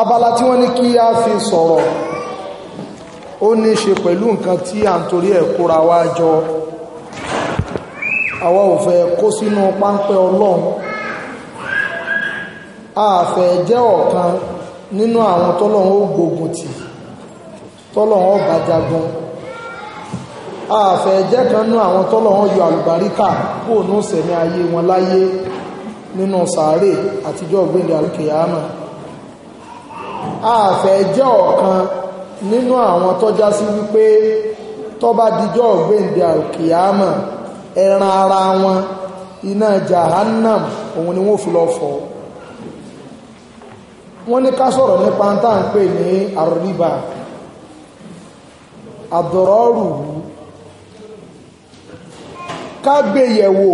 abala tí wọ́n ní kí a fi sọ̀rọ̀ ó ní ṣe pẹ̀lú nǹkan tí à ń torí ẹ̀ kóra wá jọ àwa ò fẹ́ kó sínú páńpẹ́ ọlọ́run a fẹ́ jẹ́ ọ̀kan nínú àwọn tọ́lọ́run ó gbógun tì tọ́lọ́run ó bàjagun a fẹ́ jẹ́ kan nínú àwọn tọ́lọ́run yọ àlùbáríkà kó nù sẹ̀mí ayé wọn láyé nínú sàárè àtijọ́ ògbéǹde àlùkìyàmà. àfẹ́ jẹ́ ọ̀kan nínú àwọn tọ́já sí wípé tọ́ba dijọ́ gbèǹde àkìyàmọ̀ ẹran ara wọn iná jahannam òun ni wọ́n fi lọ fọ̀ wọ́n ní ká sọ̀rọ̀ nípa tá à ń pè ní àríbà àdọ̀rọ̀rù ká gbé yẹ̀wò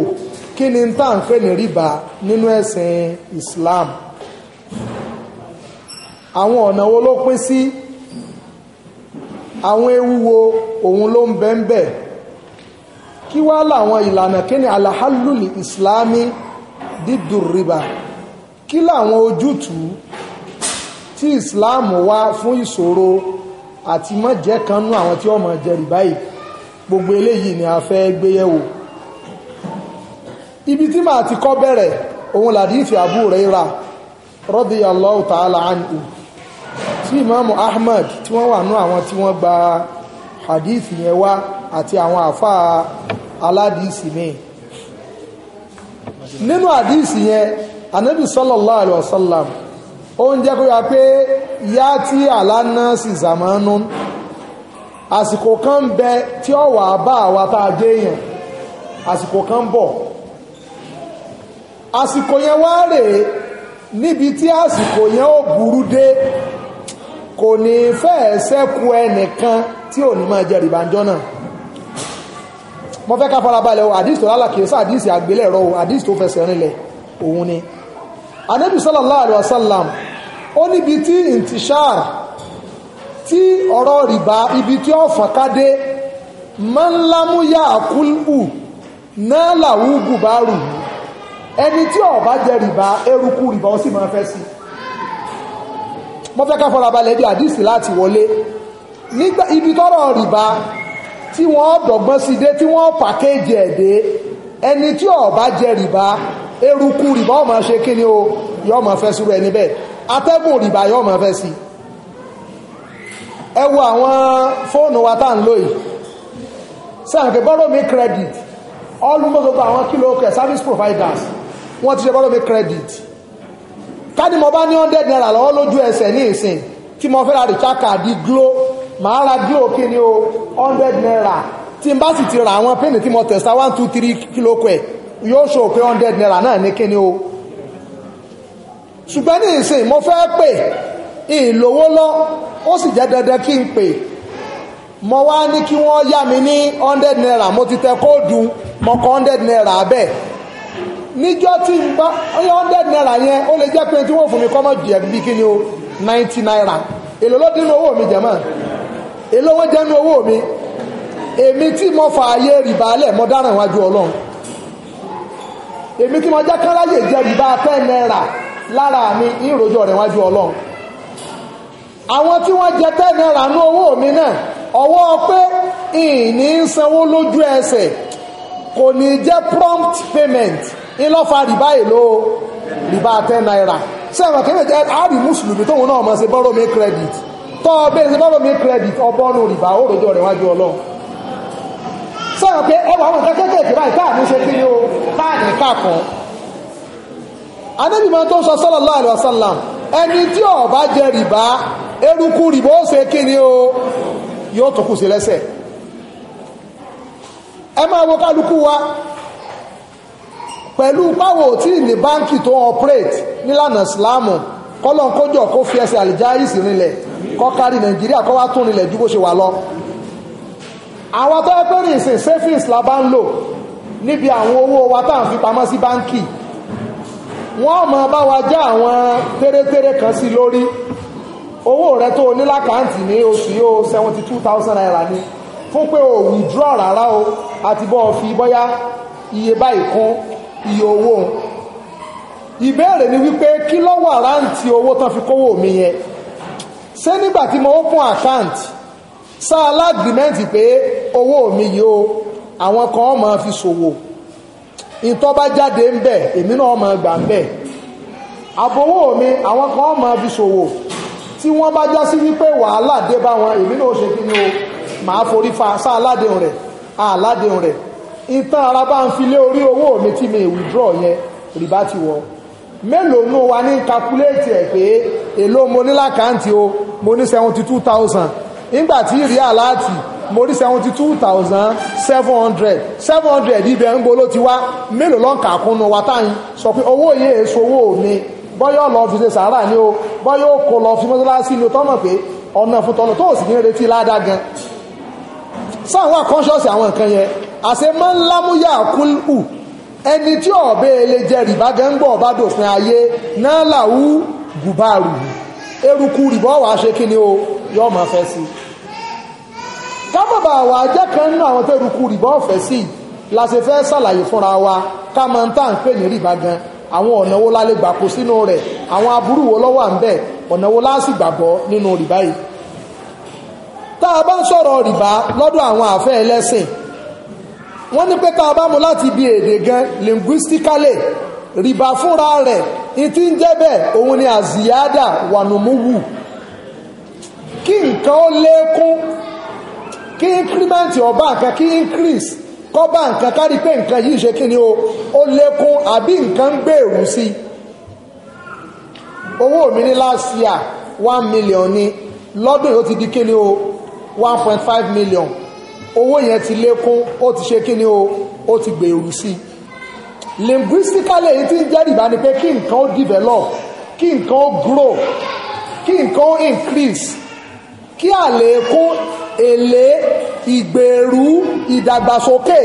kí ni tá à pè ní nínú ẹ̀sìn Islam. àwọn ọ̀nà wo ló pín sí àwọn ewu wo òun ló ń bẹ kí wá làwọn ìlànà kí ni alahalul islami dídùn rìbá kí làwọn ojútùú tí islam wá fún ìṣòro àti mọ́jẹ́ kan nú àwọn tí ó máa jẹ rìbá yìí gbogbo eléyìí ni a fẹ́ gbéyẹ̀wò ibi tí màá ti kọ́ bẹ̀rẹ̀ òun làdí ìfẹ́ àbúrò rẹ̀ rà radiyallahu ta'ala anhu tí ìmáàmù ahmad tí wọ́n wà nú àwọn tí wọ́n gba hadith yẹn wá àti àwọn àfa aládìsí míì nínú hadith yẹn anabi sallallahu alayhi wa sallam ó ń jẹ́ kó yà pé yá tí àlànà sì zàmánú àsìkò kan bẹ tí ó wà bá àwa tá a dé èèyàn àsìkò kan bọ̀ àsìkò yẹn wá rèé níbi tí àsìkò yẹn ó burú dé kò ní fẹ́ẹ̀ sẹ́kù ẹnìkan tí ò ní máa jẹ rìbànjọ́ náà mo fẹ́ ká farabalẹ̀ o àdìsí tó lálàkì sí àdìsí àgbélẹ̀rọ o àdìsí tó fẹsẹ̀ rinlẹ̀ òun ni anabi sallallahu alayhi wa sallam ó níbi tí intishar tí ọ̀rọ̀ rìbá ibi tí ó fọ̀kadé mọ́nlámúyà àkúlù náà làwùgù bá rù ẹni tí ó bá jẹ rìbá eruku rìbá ó sì máa fẹ́ sí i mo fẹ́ ká farabalẹ̀ di àdìsí láti wọlé nígbà ibi tọ́rọ̀ rìbá tí wọ́n dọ̀gbọ́n sí dé tí wọ́n pàkéjì ẹ̀ dé ẹni tí ọba jẹ rìbá eruku rìbá ọmọ ṣe kíni o yọ ọmọ fẹ́ sùúrù ẹni bẹ́ẹ̀ atẹ́gùn rìbá yọ ọmọ fẹ́ sí ẹ wo àwọn fóònù wa tá à ń lò yìí sáàkì borrow me credit almost gbogbo àwọn kìlọ̀ ọkọ̀ service providers wọ́n ti ṣe borrow me credit ká ní mo bá ní hundred naira lọ́wọ́ lójú ẹsẹ̀ ní ìsìn tí mo fẹ́ ra recharge card glo màá ra glo kí o hundred naira tí n bá sì ti ra àwọn pínì tí mo tẹ̀sà one two three kilo kẹ̀ yóò ṣòwò pé hundred naira náà ní kí o ṣùgbọ́n ní ìsìn mo fẹ́ pè ìlówó lọ ó sì jẹ́ dandan kí n pè mo wá ní kí wọ́n yá mi ní hundred naira mo ti tẹ kóòdù mo kọ hundred naira bẹ́ẹ̀ níjọ́ tí n bá ọyọ́ hundred naira yẹn ó lè jẹ́ pé tí wọ́n fún mi kọ́mọ̀ jù ẹ̀bí kí ni o ninety naira èlò ló dín ní owó mi jẹ̀mọ́ èlò wọ́n jẹ́ ní owó mi èmi tí mo fà àyè rìbálẹ̀ mo dáràn wájú ọlọ́run èmi tí mo jẹ́ káráyè jẹ́ rìbá ten naira lára mi ìròjọ rẹ̀ wájú ọlọ́run àwọn tí wọ́n jẹ ten naira ní owó mi náà ọwọ́ pé ìní sanwó lójú ẹsẹ̀ kò ní jẹ́ prompt payment ńlọ́fà rìbá èlò rìbá ten naira sẹ́wọ̀n kí ẹ̀ àárí mùsùlùmí tóun náà mọ̀ sí borrow me credit tọ́ ọbẹ̀ sí borrow me credit ọbọ̀nù rìbá ó rojọ́ rẹ̀ wájú ọlọ́run sẹ́wọ̀n pé ẹwà àwọn nǹkan kéékèèké báyìí káàmù ṣe kí ni o káàdì kàkọ́ anábì máa tó sọ sallallahu alaihi wasallam ẹni tí ó bá jẹ rìbá eruku rìbá ó ṣe kí ni o yóò tó kù sí lẹ́sẹ̀ ẹ máa wo kálukú wa pẹ̀lú páwọ̀ tí ní báńkì tó operate nílànà síláàmù kọ́lọ́n kójọ kó fi ẹsẹ̀ àlìjáìsì rinlẹ̀ kọ́kárí nàìjíríà kọ́ wá tún rinlẹ̀ ju bó ṣe wà lọ. àwa tó ẹ pé ní ìsìn savings la bá ń lò níbi àwọn owó wa tá à ń fi pamọ́ sí báńkì wọ́n mọ̀ bá wa já àwọn tẹ́rẹ́tẹ́rẹ́ kan sí lórí owó rẹ tó o ní lákàntì ní oṣù yóò seventy two thousand naira ni fún pé o withdraw rárá o àti bọ́ ọ fi bọ́yá iye báyìí kún iye owó ìbéèrè ni wípé kí ló wà ráǹtì owó tán fi kówó mi yẹn ṣé nígbà tí mo open account sá alágbìmẹ́ǹtì pé owó mi yìí o àwọn kan máa fi ṣòwò ìtọ́ bá jáde ń bẹ̀ èmi náà máa gbà ń bẹ̀ àbówó mi àwọn kan máa fi ṣòwò tí wọ́n bá já sí wípé wàhálà dé bá wọn èmi náà ṣe kí ni o màá forí fa sá aládéhùn rẹ̀ aládéhùn rẹ̀ ìtàn ara bá ń fi lé orí owó mi tí mi withdraw yẹn rìbá ti wọ̀ mélòó nù wa ní kakuléètì ẹ̀ pé èló mo ní lákàntì o mo ní seventy two thousand nígbà tí ìrí aláàtì mo ní seventy two thousand seven hundred seven hundred ibẹ̀ ń gbolo ti wá mélòó lọ́n kà kún un wa táyìn sọ pé owó yìí èso owó mi bọ́yọ̀ lọ fi ṣe sàárà ni o bọ́yọ̀ kò lọ fi mọ́sálásí ni o tọ́mọ̀ pé ọ̀nà fún tọ́lọ̀ tó sì ní retí ládàá gan sáwọn àkọ́ńṣọ́ọ̀sì àwọn nǹkan yẹn àṣẹ máa ń lámúyà kúlù ẹni tí ọ̀bẹ ele rìbá gẹ́ńgbọ̀ ọba dòfin ayé náà eruku rìbọ́ wàá ṣe kí ni o yọ ọmọ fẹ́ sí kábàbà àwọn kan nínú àwọn eruku rìbọ́ ọ̀fẹ́ sí la ṣe fẹ́ ṣàlàyé fúnra wa ká máa ń tà ń pè ní rìbá gan àwọn ọ̀nà wo la lè gbà kó sínú rẹ̀ àwọn aburú wo wọ́n ní pé tá a bá mu láti ibi èdè gan linguistically rìbá fúnra rẹ̀ ìtí ń jẹ́ bẹ́ẹ̀ òun ni àzíyádà wànùmúwù kí nǹkan ó lékún kí increment ọba nǹkan kí increase kọ́ba nǹkan kárí pé nǹkan yìí ṣe kí ni o ó lékún àbí nǹkan ń gbèrú sí i owó mi ní last year one million ni lọ́dún yìí ó ti di kí ni o one point five million owó yẹn ti lékún ó ti ṣe kí ni o ó ti gbèrú sí i linguistically èyí tí ń jẹ́ rìbá ni pé kí nǹkan ó develop kí nǹkan ó grow kí nǹkan ó increase kí àlékún èlé ìgbèrú ìdàgbàsókè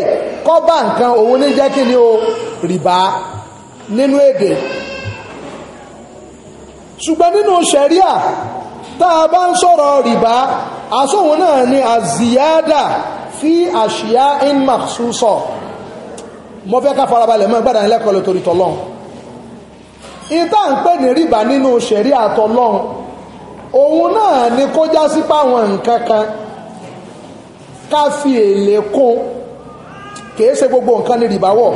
kọ́bà nǹkan òun ní jẹ́ kí ni o rìbá nínú èdè ṣùgbọ́n nínú ṣẹ̀ríà tá a bá ń sọ̀rọ̀ rìbá àsóhun náà ni àzìyáàdà fi àṣìyá in maksuso mo fẹ́ ká farabalẹ̀ mọ́ gbádàn lẹ́kọ̀ọ́ lè torí tọ́lọ́n ìta ń pè ní rìbá nínú ṣẹ̀rí àtọ́lọ́n òun náà ni kó já sí páwọn nǹkan kan ká fi èlé kún kìí ṣe gbogbo nǹkan ní rìbá wọ̀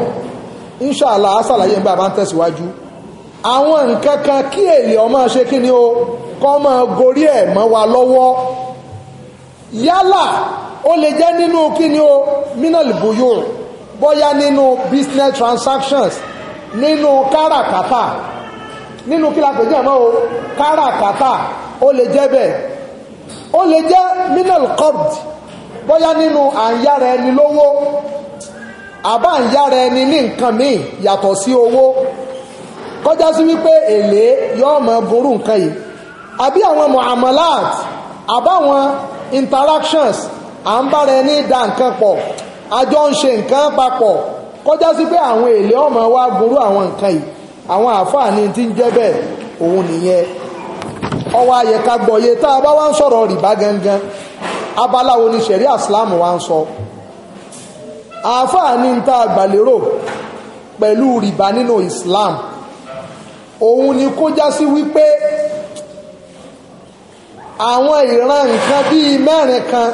inṣàlá àṣàlàyé ń bá a bá ń tẹ̀síwájú àwọn nǹkan kan kí èlé ọmọ ṣe kí ni o kọ́ máa gorí ẹ̀ mọ́ wa lọ́wọ́ yálà ó lè jẹ́ nínú kíni o minal buyur bóyá nínú business transactions nínú káràkátà nínú kí la pè jẹ́ mọ́ o káràkátà ó lè jẹ́ bẹ́ẹ̀ ó lè jẹ́ minal qabd bóyá nínú à ẹni lówó àbá ń ẹni ní nǹkan míì yàtọ̀ sí owó kọjá sí wípé èlé yóò mọ burú nǹkan yìí àbí àwọn muamalat àbáwọn interactions à ń bára ẹni dá nǹkan pọ̀ àjọ ń ṣe nǹkan papọ̀ kọjá sí pé àwọn èlé ọmọ wa burú àwọn nǹkan yìí àwọn àǹfààní tí ń jẹ́ bẹ́ẹ̀ òun nìyẹn ọwọ́ ayẹ̀ka gbọ̀yẹ tá a bá wá ń sọ̀rọ̀ rìbá gangan abala wo ni ṣẹ̀rí àsìláàmù wa ń sọ àǹfààní tá a gbàlérò pẹ̀lú rìbá nínú Islam òun ni kó sí wípé àwọn ìran nǹkan bíi mẹ́rin kan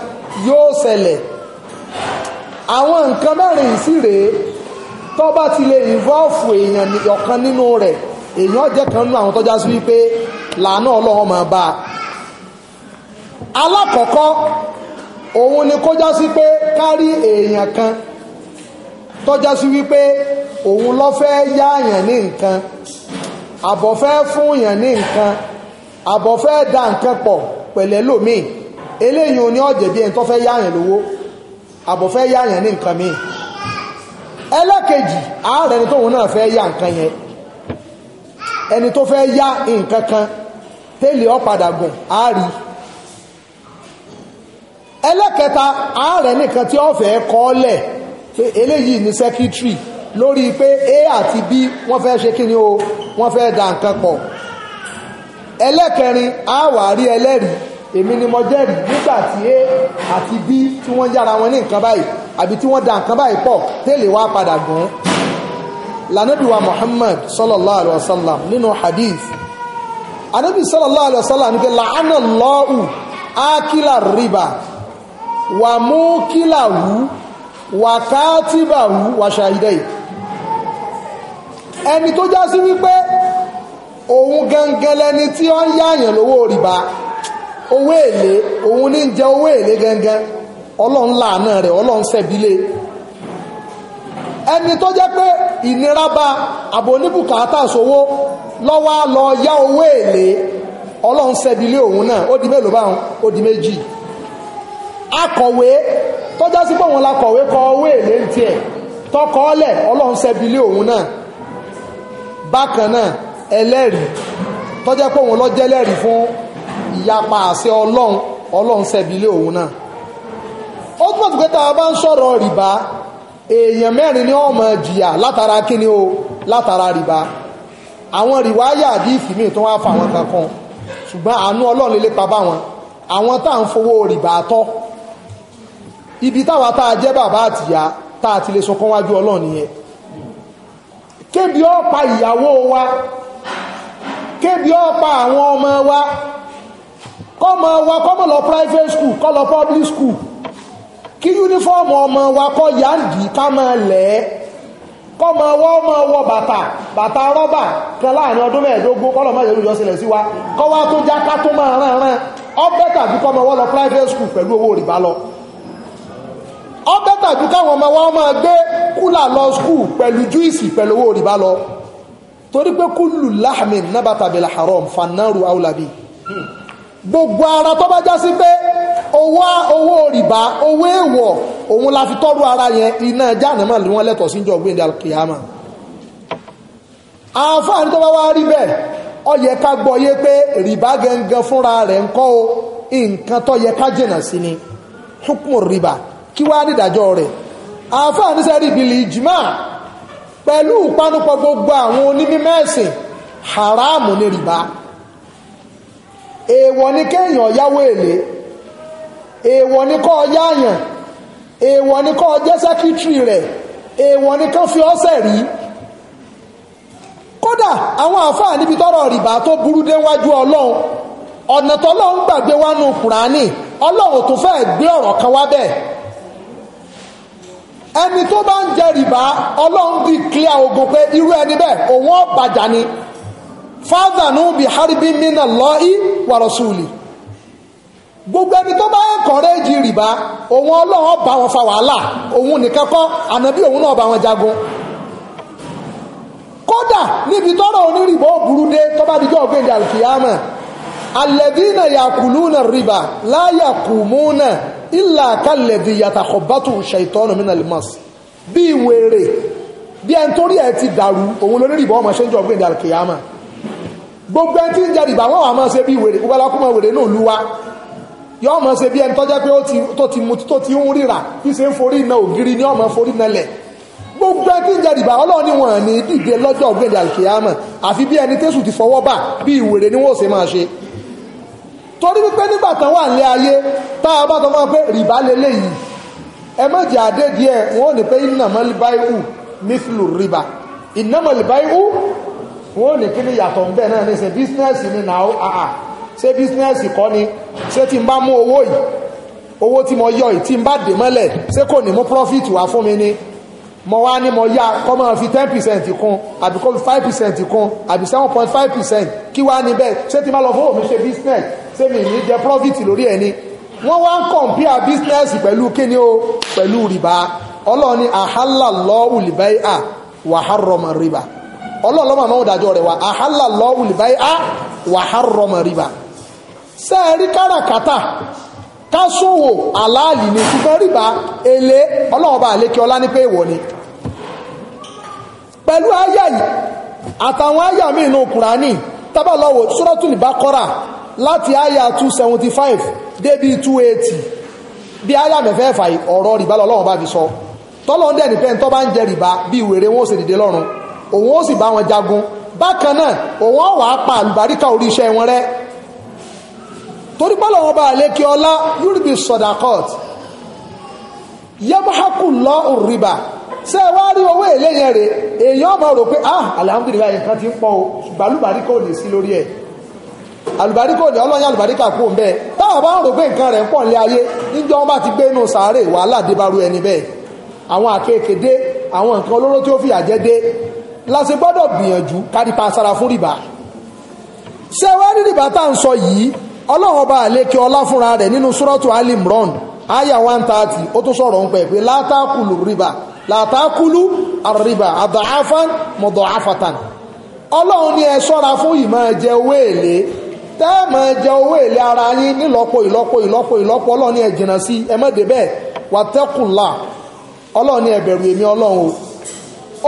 yóò ṣẹlẹ̀ àwọn nǹkan mẹ́rin yìí sì rèé tó bá ti lè involve èèyàn ọ̀kan nínú rẹ̀ èèyàn jẹ́ kan nínú àwọn tọ́já sí wípé làánà ọlọ́run máa bá a alákọ̀ọ́kọ́ òun ni kó kan tọ́já sí wípé òun ní nǹkan fún yàn ní nǹkan àbọ̀ fẹ́ da nǹkan pọ̀ pẹ̀lẹ́ lómi eléyìí ò ní ọ̀jẹ̀ bí ẹni tó fẹ́ yáyàn lówó àbọ̀ fẹ́ yáyàn ní nǹkan mi ẹlẹ́kejì ààrẹ ni tóun náà fẹ́ yá nǹkan yẹn ẹni tó fẹ́ yá nǹkan kan tẹ́lẹ̀ ọ̀padà gùn àárí ẹlẹ́kẹta ààrẹ nìkan tí ó fẹ́ kọ́ lẹ̀ eléyìí ní sẹ́kítírì lórí pé a àti b wọ́n fẹ́ ṣe kí ni o wọ́n fẹ́ da nǹkan pọ̀ ẹlẹ́kẹrin a wà rí ẹlẹ́rìí èmi ni mo jẹ́rìí nígbà tí a àti b tí wọ́n yára wọn ní nǹkan báyìí àbí tí wọ́n da nǹkan báyìí pọ̀ tẹ́lẹ̀ wá padà gùn lànàbíwá Muhammad sallallahu alayhi wa sallam nínú hadith anabi sallallahu alayhi wa sallam ní pé làánà lọ́ọ̀ù ákílà rìbà wà mú kílà wù wà káàtìbà wù wà ṣàhídẹ́ ẹni tó já wípé gangan lẹni tí ó ń yáàyàn lówó rìbá owó èlé òun ní jẹ owó èlé gangan ọlọrun láàánú rẹ̀ ọlọrun sẹ̀bílé ẹni tó jẹ́ pé ìnira bá àbò oníbùkátà sówó lọ́wọ́ lọ yá owó èlé ọlọrun sẹ́bílé òun náà ó di mélòó báwọn ó di méjì akọ̀wé tọ́já sí pé wọn la kọ̀wé kọ owó èlé ní tiẹ̀ tọkọ ọlẹ̀ ọlọ́run sẹ́bílé òun náà bákan náà ẹlẹ́rìí tọ́jẹ́ pé òun lọ́jẹ́ lẹ́rìí fún ìyapa àṣẹ ọlọ́run ọlọ́run sẹ̀bílẹ̀ òun náà ó túmọ̀ sí pé tá a bá ń sọ̀rọ̀ rìbá èèyàn mẹ́rin ni wọ́n máa jìyà látara kíni o látara rìbá àwọn rìwáyà àdìsí míì tó wáá fa àwọn kankan ṣùgbọ́n àánú ọlọ́run lè lépa bá wọn àwọn tá à ń fowó rìbá tọ́ ibi táwa tá a jẹ́ bàbá àtìyá tá a ti lè sọkàn wájú ọlọ́run nìyẹn kébi ó pa ìyàwó wa kébi ọ̀pá àwọn ọmọ wa kọ́mọ wa kọ́mọ lọ private school kọ́ lọ public school kí yúnífọ́ọ̀mù ọmọ wa kọ́ yáǹdì ká máa lẹ̀ ẹ́ kọ́mọ wa ọmọ wọ bàtà bàtà rọ́bà kan láàrin ọdún mẹ́ẹ̀ẹ́dógún kọ́lọ̀ máa yẹ̀rù yọ̀sílẹ̀ sí wa kọ́ wa tó já ká tó máa rán rán ọbẹ̀ tàbí kọ́mọ wa lọ private school pẹ̀lú owó rìbá lọ ọbẹ̀ tàbí káwọn ọmọ wa máa gbé kúlà lọ school pẹ̀lú júìsì pẹ̀lú owó rìbá lọ torí pé kúlù láàmì nábàtà bìlà haram fanáru aulabi gbogbo ara tó bá já sí pé owó owó rìbá owó èèwọ̀ òun la fi tọ́rù ara yẹn iná jánàmà ló wọ́n lẹ́tọ̀ọ́ sí jọ gbéǹde alkiyama àǹfààní tó bá wá rí bẹ́ẹ̀ ó yẹ ká gbọ́ yé pé rìbá gangan fúnra rẹ̀ ń kọ́ o nǹkan tó yẹ ká jìnà sí ni hukmu rìbá kí wá nídàjọ́ rẹ̀ àǹfààní sẹ́rí bìlì jùmọ́ pẹ̀lú ìpanupọ̀ gbogbo àwọn onímímọ́ ẹ̀sìn haramu ní rìbá èèwọ̀ ni kéèyàn yáwó èlé èèwọ̀ ni kọ́ yáàyàn èèwọ̀ ni kọ́ jẹ́ sẹ́kítírì rẹ̀ èèwọ̀ ni kọ́ fi ọ́sẹ̀ rí kódà àwọn àfáà níbi tọ́rọ̀ rìbá tó burú dé ọlọ́run ọ̀nà gbàgbé wánú kùránì ọlọ́run tó kan wá bẹ́ẹ̀ ẹni tó bá ń jẹ rìbá ọlọ́run bí clear ogun pé irú ẹni bẹ́ẹ̀ òun ọ̀bàjà ni fadhanu bi harbi minallahi wa rasuli gbogbo ẹni tó bá encourage rìbá òun ọlọ́run ọba wọn fa wàhálà òun nìkan kọ́ ànábì òun náà bá wọn jagun kódà níbi tọ́rọ̀ onírìbá ò dé tó bá dijọ́ ògbéǹde àlùkìyàmọ̀ alladhina yakuluna rìbá la yakumuna ìlà kálẹ̀dì yàtàkọ̀bátù ṣàìtọ́nù mí nàlẹ́ mọ́s bí wèrè bí ẹni tó rí ẹ ti dàrú òun lórí ìbọn ọmọ ṣe ń jọ gbé ìdàrú kìyàmà gbogbo ẹni tí ń jẹrìí ìbáwọn wà máa ṣe bí wèrè gbogbo alákùnmọ̀ wèrè náà lú wa yọ ọmọ ṣe bí ẹni tó jẹ́ pé tó ti mutí tó ti ń ríra bí ṣe ń forí iná ògiri ní ọmọ forí iná lẹ̀ gbogbo ẹni tí ń jẹrìí ìbáwọn ọlọ́ọ̀ni wọn ní dìde lọ́jọ́ gbé ìdàrú kìyàmà àfi bí ẹni tẹ́sù ti fọwọ́ bà bí ìwèrè ni wọ́n ṣe máa ṣe torí wípé nígbà tán wà ní ayé tá a bá tọ́ fún wa pé rìbá lélẹ́yìí ẹ má jẹ́ àdé díẹ̀ wọ́n ò ní pé ìnàmọ́lì báyìí mísìlù rìbá ìnàmọ́lì báyìí wọ́n ò ní kí ni yàtọ̀ ń bẹ̀ náà ní ṣe bísínẹ́sì ni náà àà ṣé bísínẹ́sì kọ́ ni ṣé tí n bá mú owó yìí owó tí mo yọ yìí tí n bá dè mọ́lẹ̀ ṣé kò ní mú profit wá fún mi ni mo wá ní mo yá kọ́ máa fi ten percent kún àbí kó fi five percent kún àbí seven point five percent kí wá níbẹ̀ ṣé tí n bá lọ fún òun ṣe business sẹ́mi ní jẹ profit lórí ẹ̀ ni wọ́n wá ń compare business pẹ̀lú kíni o pẹ̀lú rìbá ọlọ́run ni àhálà lọ́wù lìbáyé à wàhárọ̀mọ̀ rìbá riba àmọ́ òdàjọ́ rẹ̀ wà àhálà lọ́wù lìbáyé à wàhárọ̀mọ̀ rìbá sẹ́ẹ̀rí káràkátà kásòwò aláàlì ni ṣùgbọ́n rìbá èlé ọlọ́run riba àlékè ọlá ní pé ìwọ ni pẹ̀lú àyà àtàwọn àyà míì nù kùránì suratul láti àyà 275 débi 280 bí àyà mẹ́fẹ́ẹ̀fà ọ̀rọ̀ rìbá lọ́wọ́ bá fi sọ tọ́lọ́ dẹ̀ ní pẹ́ntọ́ bá ń jẹ rìbá bí wèrè wọn ó sì dìde lọ́rùn òun ó sì bá wọn jagun bákan náà òun ó wàá pa àlùbáríkà orí iṣẹ́ wọn rẹ́ torí pé lọ́wọ́ bá àlékè ọlá yúrìbì sọ̀dàkọ́t yẹ́mọ́hákù lọ́ òrìbà ṣé ẹ wá rí owó èlé yẹn rè èèyàn ọmọ rò pé ah alihamudulilayi nǹkan ti ń pọ̀ o ṣùgbàlùbáríkà ò lè sí lórí ẹ̀ àlùbáríkà òní ọlọ́yìn àlùbáríkà kò ń bẹ́ẹ̀ táwọn bá ń rò pé nǹkan rẹ̀ ń pọ̀ nílé ayé níjọ́ wọn bá ti gbé inú sàárè wàhálà débárú ẹni bẹ́ẹ̀ àwọn àkekèdé àwọn nǹkan olóró tí ó fìyà jẹ dé láti gbọ́dọ̀ gbìyànjú kárípa sára fún rìbá ṣé wá rí rìbá tá à ń sọ yìí ọlọ́run ọba àlékè ọlá fúnra rẹ̀ nínú súrọ́tù alimron aya one thirty ó tún sọ̀rọ̀ ń pẹ̀ pé látàkùlù rìbá látàkùlù àrìbá àdàáfán mọ̀dọ̀ àfàtàn ọlọ́run ni ẹ sọ́ra fún ìmọ̀ jẹ owó èlé tẹ́ẹ̀mọ̀ jẹ owó èlé ara yín nílọ́pọ̀ ìlọ́pọ̀ ìlọ́pọ̀ ìlọ́pọ̀ ọlọ́run ní ẹ jìnnà sí ẹ má dé bẹ́ẹ̀ wàtẹ́kùnlá ọlọ́run ní ẹ bẹ̀rù èmi ọlọ́run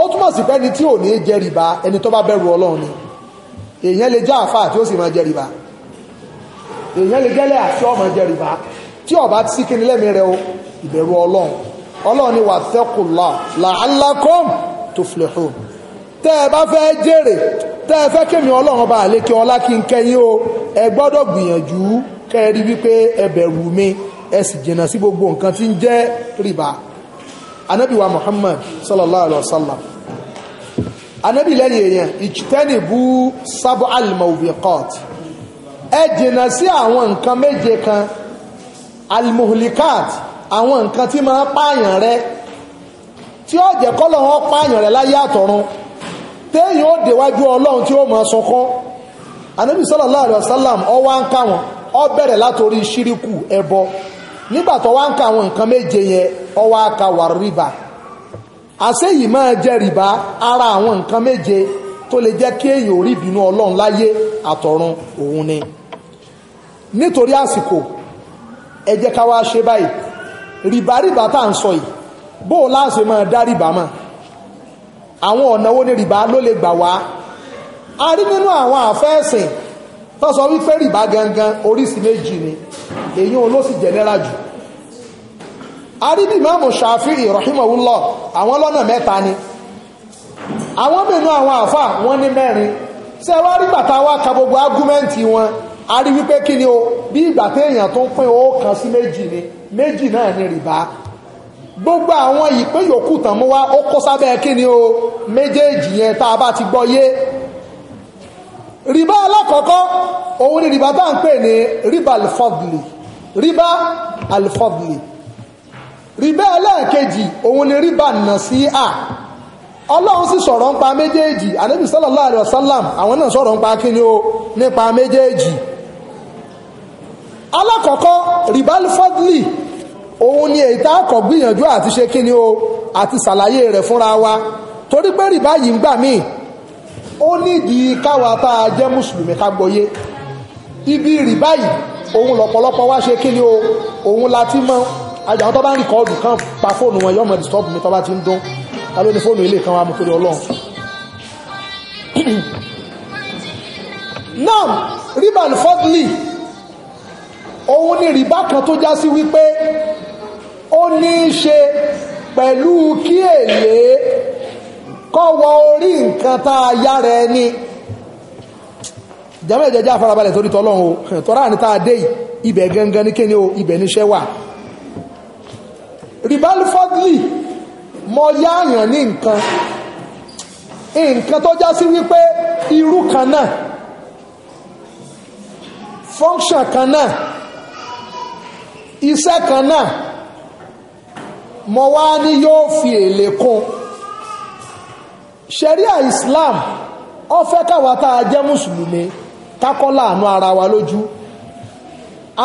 o ó túmọ̀ sí pé ẹni tí ò ní jẹ rìbá ẹni tó bá bẹ̀rù ọlọ́run ni èèyàn lè jẹ́ àfà tí ó sì máa jẹ rìbá èèyàn lè jẹ́lẹ̀ àti ọmọ jẹ rìbá tí ọba ti síkí ni wàtẹ́kùnlá tẹ́ ẹ bá fẹ́ jèrè ẹ fẹ́ kémi ọlọ́run bá ọlá kí n o ẹ gbọ́dọ̀ gbìyànjú kẹ́rí wípé ẹ bẹ̀rù mi ẹ sì jìnnà sí gbogbo nǹkan tí ń jẹ́ rìbá anabi wa muhammad sallallahu wa sallam anabi lẹ́yìn èèyàn ìjìtẹ́nìbù sábà al-mawbiqat ẹ jìnnà sí àwọn kan àwọn nǹkan tí máa pààyàn rẹ tí ó jẹ́ téèyàn ó dèwájú ọlọ́run tí ó máa sọkọ́ anabi sallallahu alayhi wa sallam ọ wá ń ká wọn ọ bẹ̀rẹ̀ látòrí ṣíríkù ẹbọ nígbà tó wá ń ká àwọn nǹkan méje yẹn ọ wá ka wà rìbá àṣeyìí máa jẹ rìbá ara àwọn nǹkan méje tó lè jẹ́ kí èèyàn ò rí ìbínú ọlọ́run láyé àtọ̀run òun ni nítorí àsìkò ẹ jẹ́ ká wá ṣe báyìí rìbá rìbá tá à ń sọ yìí bó o láṣẹ máa dá rìbá máa àwọn ọ̀nà owó ní rìbá ló lè gbà wá a rí nínú àwọn àfẹ́ẹ̀sìn tó sọ wípé rìbá gangan oríṣi méjì ni èyí òun ló sì jẹ́nẹ́rà jù a rí bí Imamu Shafi'i rahimahullah àwọn lọ́nà mẹ́ta ni àwọn mìíràn àwọn àfà wọ́n ní mẹ́rin ṣé wá rí bàtà wá ka gbogbo ágúmẹ́ǹtì wọn a rí wípé kí ni o bí ìgbà téèyàn tó ń pín owó kan sí méjì ni méjì náà ni rìbá gbogbo àwọn ìpín yòókù tàn mú wá ó kó sábẹ́ kí o méjèèjì yẹn tá a bá ti gbọ́ yé rìbá alákọ̀ọ́kọ́ òun ni rìbá tá à ń pè ní rìbá alifọ́dìlì rìbá alifọ́dìlì rìbá ẹlẹ́ẹ̀kejì òun ni rìbá nàṣíà ọlọ́run sì sọ̀rọ̀ nípa méjèèjì ànábì sallallahu alaihi wasallam àwọn náà sọ̀rọ̀ nípa kí ni o nípa méjèèjì alákọ̀ọ́kọ́ rìbá alifọ́dìlì òun ni èyí tá a kọ̀ gbìyànjú àti ṣe kí o àti ṣàlàyé rẹ̀ fúnra wa torí pé rìbá yìí ń gbà míì ó nídìí káwa tá a jẹ́ mùsùlùmí ká gbọ́yé ibi rìbá yìí òun lọ̀pọ̀lọpọ̀ wá ṣe kí o òun la ti mọ́ àwọn tó bá ń rìkọ́ọ̀dù kan pa fóònù wọn yọmọ disturb mi tó bá ti ń dún ta ló ní fóònù ilé kan wa mú torí ọlọ́run náà rìbá fọ́dúlì òun ni rìbá kan tó já sí wípé ó ní í ṣe pẹ̀lú kí èlé kọ́wọ́ orí nǹkan tá a yára ẹni jẹ́mọ̀ ìjẹjẹ́ àfarabalẹ̀ torí tọ́lọ́run o tọ́ra ní tá a dé ibẹ̀ gangan ní kíni o ibẹ̀ níṣẹ́ wà ribal fadli mo yáàyàn ní nǹkan nǹkan tó já sí wípé irú kan náà function kan náà iṣẹ́ kan náà mo wá ní yóò fi èlé kún ṣẹ̀ríà Islam ó fẹ́ káwa tá a jẹ́ mùsùlùmí kákọ́ láàánú ara wa lójú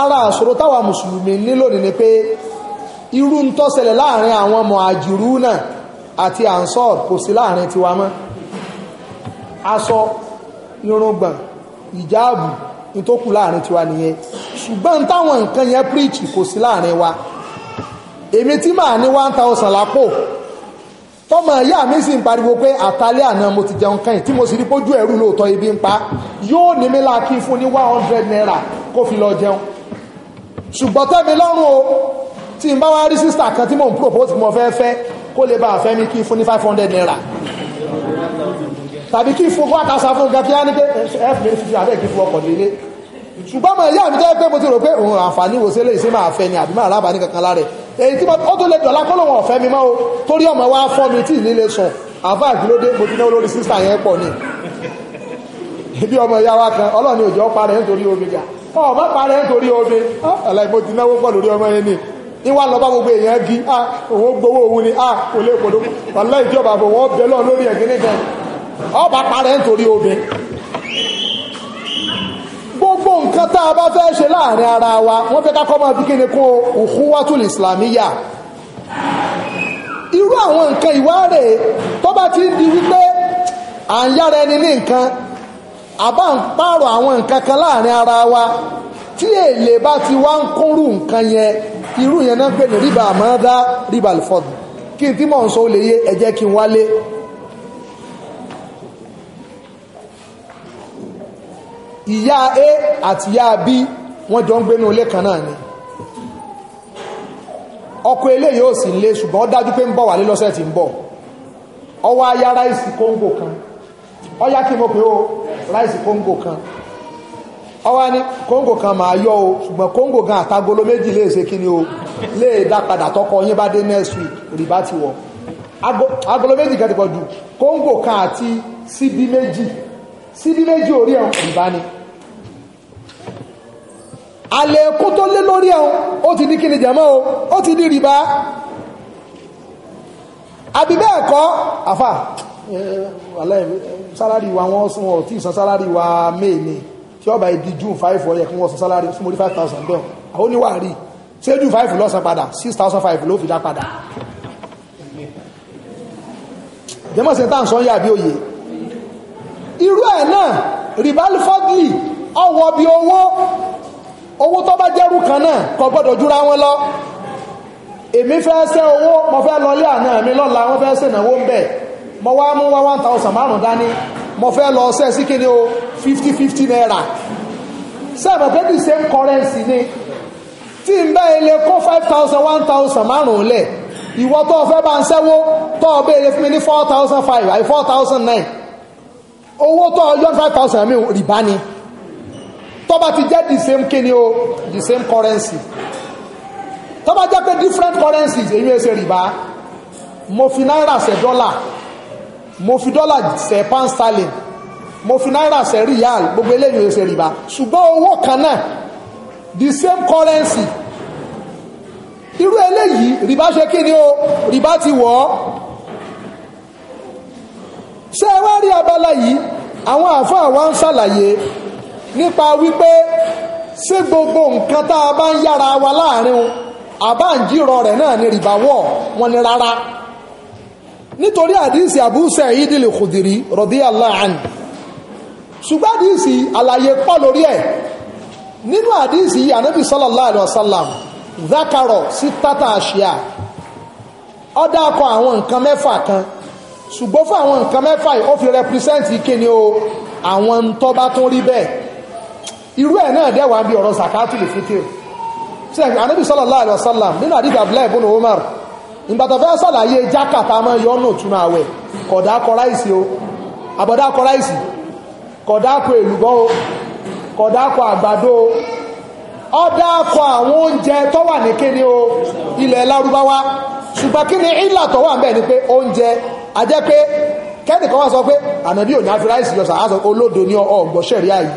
ara àṣòro táwa mùsùlùmí nílò ní ni pé irú ń tó láàrin àwọn mọ̀hàjìrú náà àti ansor kò sí láàrin tiwa mọ́ aṣọ irùngbọ̀n ìjáàbù ní tó kù láàrin tiwa nìyẹn ṣùgbọ́n táwọn nǹkan yẹn píríìkì kò sí láàrin wa èmi tí màá ní one thousand lápò tọmọ ìyá mi sì ń pariwo pé àtàlẹ́ àná mo ti jẹun kẹ́yìn tí mo sì rí pójú ẹ̀rù lóòótọ́ ibi ń pa yóò ní mi la kí n fún ní one hundred naira kó fi lọ jẹun ṣùgbọ́n tẹ́mi lọ́rùn o tí n bá wá rí sísà kan tí mò ń propose mo fẹ́ fẹ́ kó lè bá àfẹ́ mi kí n fún ní five hundred naira tàbí kí n fún kó àkàsà fún gan kí á ní pé ẹ fún mi fífi àbẹ́ kí n fún ọkọ̀ nílé ṣùgbọ́n ọmọ ìyá mi tẹ́ pé mo ti rò pé òun àǹfààní wo sílé ìsìn máa fẹ́ ni àbí máa ní kankan lára èyí tí ó tó lè dọ̀la kó lòun ọ̀fẹ́ mi torí ọmọ wa fọ́ ibi ọmọ ìyá wa kan òjò nítorí omi nítorí omi ọ̀là mo ti náwó pọ̀ lórí ọmọ yẹn ni ìwà gbogbo èèyàn gi òun gbowó ni kò lè ìjọba gbogbo nǹkan tá a bá fẹ́ ṣe láàrin ara wa wọ́n fẹ́ ká máa fi kíni kún ukhuwatul islamiyya irú àwọn nǹkan ìwá tó bá ti di wípé à ń yára ẹni ní nǹkan àbá ń pààrọ̀ àwọn nǹkan kan láàrin ara wa tí èlé bá ti wá ń kúrú nǹkan yẹn irú yẹn náà pè ní rìbá àmọ́dá rìbá àlùfọ́dù kí n tí mò ń sọ ó lè yé ẹ kí n wálé ìyá a àti ìyá b wọ́n jọ ń gbénú ilé kan náà ni ọkọ eléyìí ò sì ń lé ṣùgbọ́n ó dájú pé ń bọ̀ wálé lọ́sẹ̀ tí ń bọ̀ ọwọ́ ayá ráìsì kóńgò kan ọyá kí mo pè ó ráìsì kóńgò kan ọwọ́ ni kóńgò kan máa yọ o ṣùgbọ́n kóńgò gan àtagolo méjì lè ṣe kí ni o lè dá padà tọkọ yín bá dé next week rìbá ti wọ̀ agolo méjì kan ti pọ̀ jù kóńgò kan àti síbí méjì síbí méjì orí ẹ̀hún ìbá ni àlékún tó lé lórí ẹ̀hún ó ti di kíni jẹ̀mọ́ o ó ti di rìbá àbí bẹ́ẹ̀ kọ́ àfà sálárì wa wọ́n sún ọ̀ tí ìsan sálárì wa may ni tí ọba ìdí june five ọ̀yẹ̀ kí wọ́n sọ sálárì fún mọ́rí five thousand bẹ́ẹ̀ àwọn oníwàárí ṣé june five lọ́sàn padà six thousand five ló fi dá padà jẹ́mọ̀sẹ̀ tá à ń yà bí òye irú ẹ̀ náà ribal fadli ọwọ́ bí owó owó tó bá jẹ́rú kan náà kò gbọ́dọ̀ jura wọn lọ èmi fẹ́ ṣẹ́ owó mo fẹ́ lọ ilé àná mi lọ́la wọ́n fẹ́ ṣe ìnáwó ń bẹ̀ mo wá mú wá one thousand márùn dání mo fẹ́ lọ ṣẹ́ sí kíni o fifty fifty naira sẹ́ẹ̀bà pé the same currency ni tí n bá ilé kó five thousand one thousand márùn lẹ̀ ìwọ tó o fẹ́ bá ń ṣẹ́wó tó o béèrè fún mi ní four thousand five àbí four thousand nine owó tó ọjọ́ five thousand mi rìbá ni tó bá ti jẹ́ the same kíni o the same currency tó bá jẹ́ pé different currencies èyí ẹ̀ ṣe rìbá mo fi náírà ṣe dọ́là mo fi dọ́là ṣe pound sterling mo fi náírà ṣe ríyàl gbogbo eléyìí ẹ̀ ṣe rìbá ṣùgbọ́n owó kan náà the same currency irú eléyìí rìbá ṣe kíni o rìbá ti wọ̀ ọ́ ṣé ẹ wá rí abala yìí àwọn àáfàá wa ń ṣàlàyé nípa wípé ṣé gbogbo nǹkan tá a bá ń yára wa láàrin o àbáǹjírọ rẹ̀ náà ni rìbá wọ̀ wọ́n ní rárá nítorí àdìsí Abu Sa'id al-Khudri radiyallahu anhu ṣùgbọ́n àdìsí àlàyé pọ̀ lórí ẹ̀ nínú àdìsí ànábì sallallahu alayhi wa sallam sitata sí tata àṣìá ó dá kọ àwọn nǹkan mẹ́fà kan ṣùgbọ́n fún àwọn nǹkan mẹ́fà yìí ó fi represent o àwọn ń bá tún rí bẹ́ẹ̀ irú ẹ̀ náà dẹ̀ wá bí ọ̀rọ̀ zakatu lè fìtì sẹ́yìn anábì sallallahu alaihi wasallam nínú àdìgbà abdullahi ibn umar ìgbàtọ̀ fẹ́ sàlàyé jákàtà mọ́ yọ́nà àwẹ̀ kọ̀dá o àbọ̀dá kọ kọ̀dá kọ èlùbọ́ o kọ̀dá kọ àgbàdo o ọ̀dá kọ àwọn oúnjẹ tó wà ní kíni o ilẹ̀ ṣùgbọ́n kíni ìlà tó wà ń bẹ̀ ni pé oúnjẹ a jẹ́ pé kẹ́nìkan wá sọ pé ànàbí ò ní àfi ráìsì yọ sàkásọ olódo ní ọgbọ̀ sẹ̀rí àyè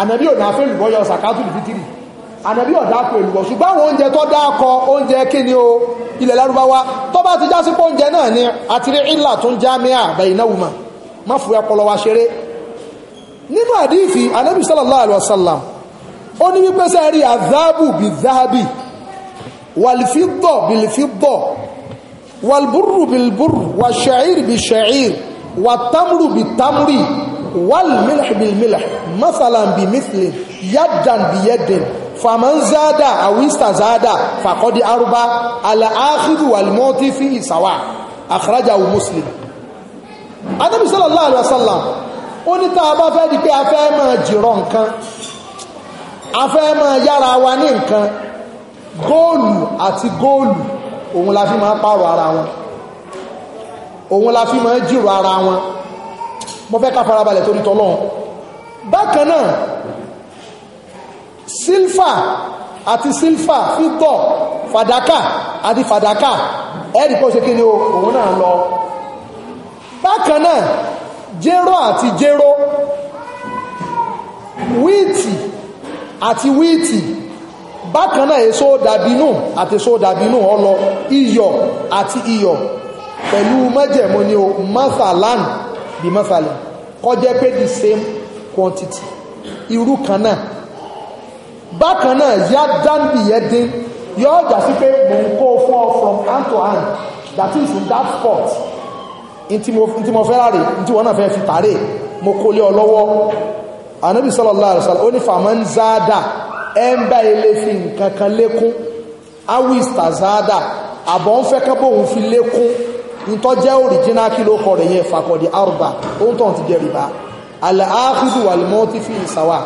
ànàbí ò ní àfi olùbọ̀ yọ sàkásù lùfítìrì ànàbí ọ̀dà pé olùbọ̀ ṣùgbọ́n àwọn oúnjẹ tó dákọ oúnjẹ kí ni o ilẹ̀ lárúbáwá tó bá ti já sí pé oúnjẹ náà ni àtìrí ìlà tó ń já mẹ́à bẹ̀yìn náà wùmà má fún ọpọlọ wa ṣeré nínú àdífì ànàbí sallallahu alaihi wasallam ó ní wípé sẹ́ẹ̀rí àzáàbù bìzáàbì wàlìfíbọ̀ bìlìfíbọ̀ والبر بالبر والشعير بالشعير والتمر بالتمر والملح بالملح مثلا بمثل يدا بيد فمن زاد أو استزاد فقد أربى الآخذ والموت فيه سواء أخرجه مسلم Ànábì صلى الله عليه وسلم ní tá a bá fẹ́ di pé a fẹ́ máa jìrọ̀ nǹkan a fẹ́ máa yára wa ní nǹkan góòlù àti góòlù òun la fi máa pààrọ̀ ara wọn òun la fi máa jìrò ara wọn mo fẹ́ ká farabalẹ̀ torí tọ́lọ́hun bákan náà sílfà àti sílfà fítọ̀ fàdákà àti fàdákà ẹ̀rì pọ̀ ṣe kí ni òun náà lọ bákan náà jéró àti jéró wíìtì àti wíìtì bákan náà èso dàbínú àti èso dàbínú ọlọ iyọ̀ àti iyọ̀ pẹ̀lú mẹ́jẹ̀mú ni o mathalan bí mathalan kọjẹ́ pé the same quantity irú kan náà bákan náà yá dánbì yẹn dín yọ ọjà sí pé mò ń kó fún ọ from hand to hand that is in that spot ntí mo fẹ́ rárẹ̀ ntí wọ́n náà fẹ́ fi tààrẹ̀ mo kó lé ọ lọ́wọ́ anabi sallallahu alaihi wasallam ó ní faman zada ẹ ń bá ilé fi nǹkan kan lékún awis tazada àbọ̀ ń fẹ́ kábọ̀ òun fi lékún ntọ́jẹ́ original kí ló kọ rẹ̀ yẹn fakọ̀dé arba ó ń tàn ti jẹ rìbá àlàáfíìdù àlùmọ́tì fi ìsàwà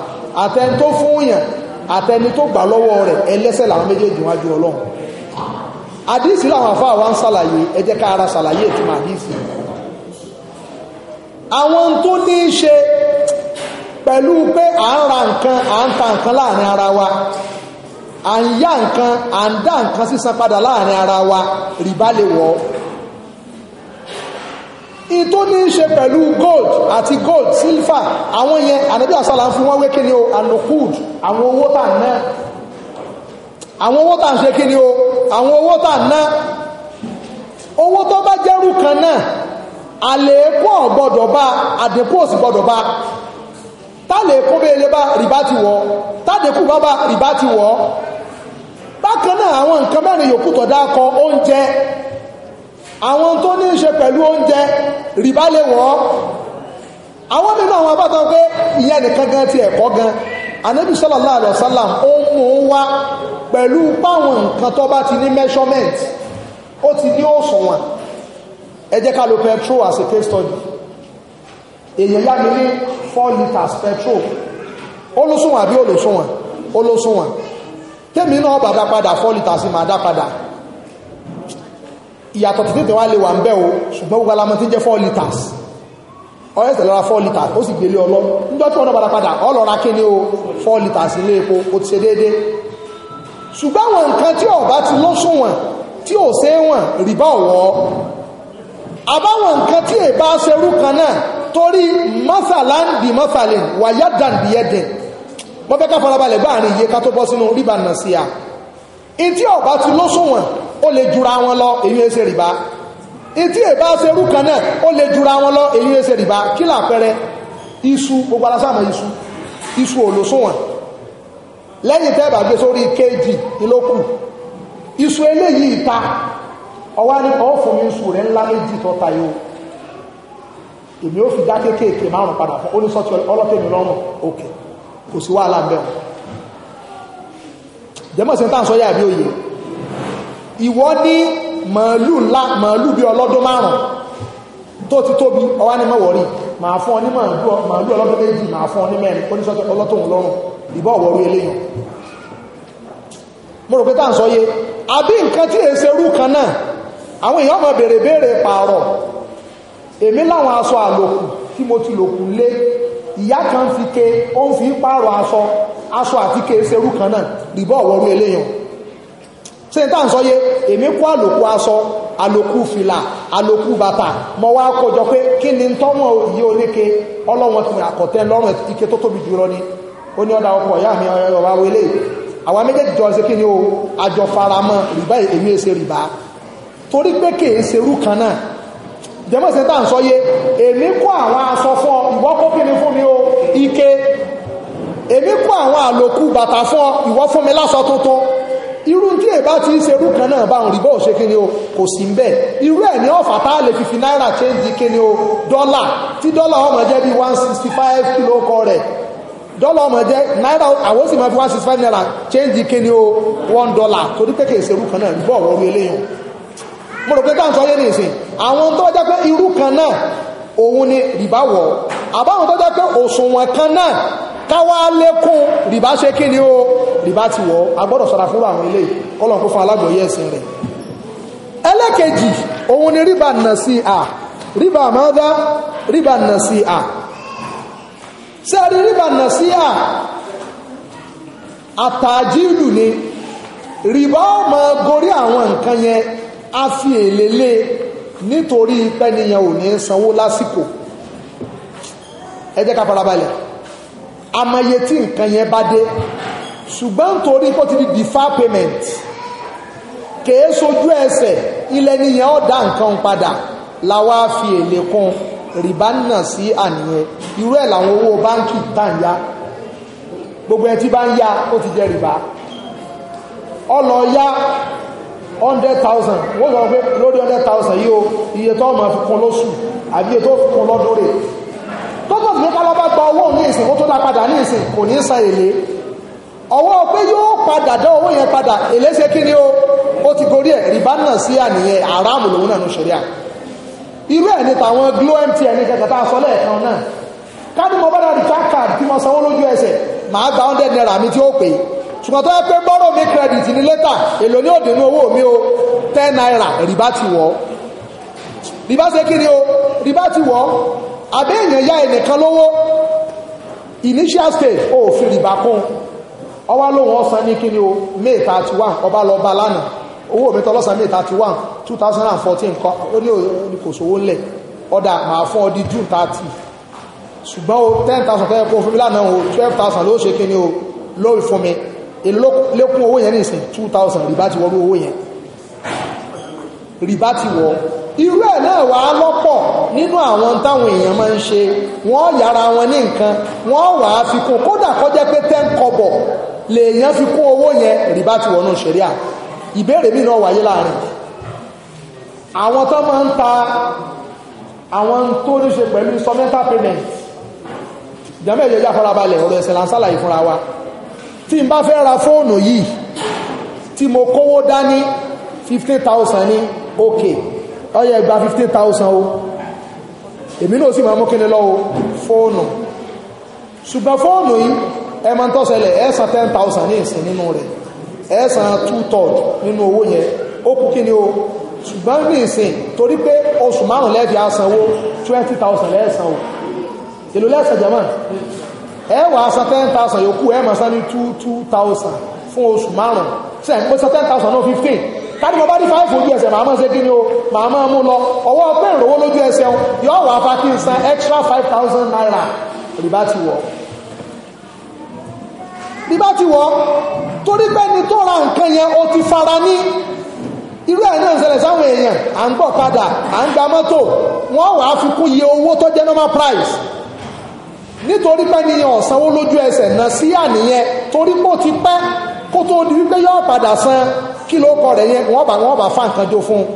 àtẹni tó fún yàn àtẹni tó gbà lọ́wọ́ rẹ̀ ẹlẹ́sẹ̀ làwọn méjèèjì wájú ọlọ́run àdìsí làwọn afá wa ń ṣàlàyé ẹ jẹ́ ká ara ṣàlàyé ìtumọ̀ àdìsí àwọn tó ní í ṣe pẹ̀lú pé à ń ra nǹkan à ń ta nǹkan láàrin ara wa à ń yá nǹkan à ń dá nǹkan sísan padà láàrin ara wa rìbá lè wọ̀ ọ́ ìtò ní í ṣe pẹ̀lú gold àti gold silver àwọn yẹn ànábì àsálà ń fún wọn wé kí ni o anokud àwọn owó tà ń ná àwọn owó tà ń ṣe kí ni o àwọn owó tà ń ná owó tó bá jẹ́rú kan náà àlékún ọ̀gbọ́dọ̀ bá àdínkù òsì gbọ́dọ̀ bá tálẹ̀ kó bẹ́ẹ̀ lé bá rìbá ti wọ̀ tálẹ̀ kú bá bá rìbá ti wọ̀ bákan náà àwọn nǹkan mẹ́rin yòókù tọ̀dá kọ oúnjẹ àwọn tó ní í ṣe pẹ̀lú oúnjẹ rìbá lè wọ̀ àwọn nínú àwọn abátan pé ìyẹn nìkan gan ti ẹ̀kọ́ gan anabi sallallahu alayhi wa sallam ó mú un wá pẹ̀lú páwọn nǹkan tó bá ti ní measurement ó ti ní òṣùwọ̀n ẹ jẹ́ ká lo petrol as a case study èyàn yá mi ní four litres petrol ó ló súnwọ̀n àbí ó ló súnwọ̀n ó ló súnwọ̀n tèmi náà bàdá padà four litres máa dá padà ìyàtọ̀ tó tètè wá lè wà ń bẹ́ o ṣùgbọ́n gbogbo alamọ́ tí jẹ́ four litres ọ̀rẹ́ ìsẹ̀lẹ̀ ra four litres ó sì gbélé ọlọ́ níjọ́ tí wọ́n náà padà padà ọlọ́ra kí ni o four litres ilé epo ó ti ṣe déédéé ṣùgbọ́n àwọn nǹkan tí ọ̀bá ti lọ́sùnwọ̀n tí ò ṣe é wọ̀n rìbá ọ̀wọ́ àbáwọn nǹkan tí èbá ṣerú kan náà torí masalan bí masalin wàyá dan bí yẹ́dẹ̀ wọ́n fẹ́ ká farabalẹ̀ bá àrin iye ká tó bọ́ sínú rìbá nà sí a ìtí ọ̀bá ti lóṣùwọ̀n ó lè jura wọn lọ èyí ẹsẹ̀ rìbá ìtí èbá serú kan náà ó lè jura wọn lọ èyí ẹsẹ̀ rìbá kí làpẹrẹ iṣu gbogbo aláṣàmọ̀ iṣu iṣu ò lóṣùwọ̀n lẹ́yìn tẹ́ bàgbé sórí kéèjì ìlókù iṣu eléyìí ìta ọwá ní ọ̀fun iṣu rẹ̀ ńlá méjì tọ́ta yóò èmi ó fi dá kéékèèké márùn padà fún oníṣọ́tí ọlọ́tẹ̀mí lọ́rùn òkè kò sí wàhálà ń bẹ̀rùn jẹ́mọ̀sí tá à ń sọ yà bí òye ìwọ ní màálù ńlá màálù bí ọlọ́dún márùn tó ti tóbi ọwá ní mọ̀wọ̀rí màá fún ọ ní màálù ọlọ́dún méjì màá fún ọ ní mẹ́rin oníṣọ́tí ọlọ́tẹ̀mí lọ́rùn ìbọ̀ ọ̀wọ̀rú eléyàn mo rò pé tá à ń sọ yé àbí nǹkan tí èsè rú kan náà àwọn èèyàn ọmọ bèrè bèrè pààrọ̀ èmi láwọn aṣọ àlòkù tí mo ti lòkù lé ìyá kan fi ke ó ń fi pààrọ̀ aṣọ aṣọ àti ke ṣerú kan náà rìbọ́ ọ̀wọ́rú eléyàn ṣe tá à ń sọ yé èmi kó àlòkù aṣọ àlòkù fìlà àlòkù bàtà mo wá kójọ pé kí ni tọ́mọ̀ ìyé oníke ọlọ́wọ́n ti àkọ̀tẹ́ lọ́rùn ike tó tóbi jùlọ ni ó ní ọ̀dà ọkọ̀ ìyá mi ọ̀rọ̀ àwọn eléyìí àwọn méjèèjì jọ ṣe kí ni o àjọ faramọ́ rìbá èmi èsè rìbá torí pé kèé ṣerú kan náà jẹ́mọ́ sẹ́ńtà ń sọyé èmi kó àwọn aṣọ fún ọ ìwọ kó kí ni fún mi o ike èmi kó àwọn àlòkù bàtà fún ọ ìwọ fún mi láṣọ tuntun irú tí èbá ti ń serú kan náà bá ń rí bọ́ òṣè kíni o kò sí ń bẹ̀ irú ẹ̀ ní ọ̀fà tá a lè fi fi náírà chéńjì kíni o dọ́là tí dọ́là ọmọ jẹ́ bí one sixty five kìló kọ rẹ̀ dọ́là ọmọ jẹ́ náírà àwọn máa fi one sixty five naira chéńjì kíni o one dollar torí pé kì í serú kan náà rí bọ́ ọ̀rọ̀ orí eléyìí mo rò pé táwọn sọ ayé ní ìsìn àwọn tó jẹ́ pé irú kan náà òun ni rìbá wọ̀ àbáwọn tó jẹ́ pé òṣùwọ̀n kan náà káwá lékún rìbá ṣe kí ni ó rìbá ti wọ̀ a gbọ́dọ̀ ṣọ́ra fúnra àwọn ilé kọ́lọ̀kú fún alágbòye ẹ̀sìn rẹ̀ ẹlẹ́kejì òun ni rìbá nà sí à rìbá mọ́dá rìbá nà sí à sẹ́ẹ̀rí rìbá nà sí à àtàjírù ni rìbá ó gorí àwọn nǹkan yẹn a fi èlé lé e nítorí pẹ́niyàn ò ní sanwó lásìkò ẹ jẹ́ ká farabalẹ̀ amáyé tí nǹkan yẹn bá dé ṣùgbọ́n torí kó ti di defer payment kèé sojú ẹsẹ̀ ilẹ̀ nìyẹn ó dá nǹkan padà làwa fi èlé kún rìbá nà sí àníyẹn irú ẹ̀ làwọn owó báńkì tá ń yá gbogbo ẹ tí bá ń yá ó ti jẹ́ rìbá ó lọ yá hundred thousand wọ́n sọ pé lórí hundred thousand yìí o iye tó máa fi kún lóṣù àbí iye tó fi kún lọ́dún rẹ̀ lọ́tọ̀ sí ká lọ́ba gba owó ní ìsìn kó tó dá padà ní ìsìn kò ní san èlé ọwọ́ pé yóò padà dán owó yẹn padà èlé ṣe kí ni o ó ti gorí ẹ̀ rìbá náà sí àníyẹn àràmù lòun náà ló ṣẹlẹ̀ à irú ẹ̀ ní tàwọn glo mtn ní tá a sọ lẹ́ẹ̀kan náà ká ní mo bá dá recharge card tí mo sanwó lójú ẹsẹ̀ màá gba hundred naira mi tí ó pè é ṣùgbọ́n tó yẹ pé borrow me credit ní later èlò ní òde ní owó mi o ten naira rìbá ti wọ̀ ọ́ ṣe kí ni o rìbá ti wọ̀ ọ́ àbẹ́ èèyàn yá ẹnìkan lówó initial stage ó fi rìbá kún ọwá lóhun ọ̀sán ní kí ni o may thirty one ọba lọ bá lánàá owó mi tọ́lọ́sàn may thirty one two thousand and fourteen kọ́ ó ní kò sówó ńlẹ̀ ọ̀dà màá fún ọ di june thirty ṣùgbọ́n o ten thousand tẹ́lẹ̀ kó fún mi lánàá o twelve thousand ló ṣe kí ni o lórí fún mi lékún owó yẹn ní ìsìn 2000 rìbá ti wọ́n owó yẹn rìbá ti wọ́ irú ẹ̀ náà wà á lọ́pọ̀ nínú àwọn táwọn èèyàn máa ń ṣe wọ́n yára wọn ní nǹkan wọ́n wà á fi kún kódà kó jẹ́ pé ten kọ́bọ̀ lèèyàn fi kún owó yẹn rìbá ti wọ́nú ṣẹ̀ríà ìbéèrè mi náà wáyé láàrin àwọn tó máa ń ta àwọn tó ní ṣe pẹ̀lú instrumental payment jẹ́mẹ̀ẹ́yẹ yá farabalẹ̀ ọ̀rọ̀ ẹ̀sẹ̀ làǹsálà ìfúnra wa tí n bá fẹ́ ra fóònù yìí tí mo kówó dání fifteen thousand ní ok ọyẹ ìgbà fifteen thousand o èmi náà sì máa mú kíni lọ́wọ́ fóònù ṣùgbọ́n fóònù yìí ẹ máa ń tọ́sẹ̀lẹ̀ ẹ san ten thousand ní ìsìn nínú rẹ̀ ẹ san two third nínú owó yẹn ó kú kíni o ṣùgbọ́n ní ìsìn torí pé oṣù márùn-ún lẹ́ẹ̀fì á sanwó twenty thousand lẹ́ẹ̀san o èlò lẹ́ẹ̀san jẹ́mọ̀ ẹ wàá san ten thousand yòókù ẹ máa san ní two two thousand fún oṣù márùn-ún ṣe ń pè san ten thousand náà fifteen káàdì mo bá ní five ojú ẹsẹ̀ màá máa ṣe kí ni o màá máa mú lọ ọwọ́ pé ìrànwọ́ lójú ẹsẹ̀ yọ wàá fa kí n san extra five thousand naira rìbá ti wọ̀ rìbá ti wọ̀ torí pé ni tó ra nǹkan yẹn o ti fara ní irú ẹ̀ náà ṣẹlẹ̀ sáwọn èèyàn à ń gbọ̀ padà à ń gba mọ́tò wọ́n wàá fi kún iye owó tó jẹ́ normal price nítorí pé ní ọ̀sánwó lójú ẹsẹ̀ náà sí àníyẹn torí pé ó ti pẹ́ kó tó di wípé yóò padà san kí ló kọ rẹ̀ yẹn wọ́n bá wọ́n bá fa nǹkan jó fún un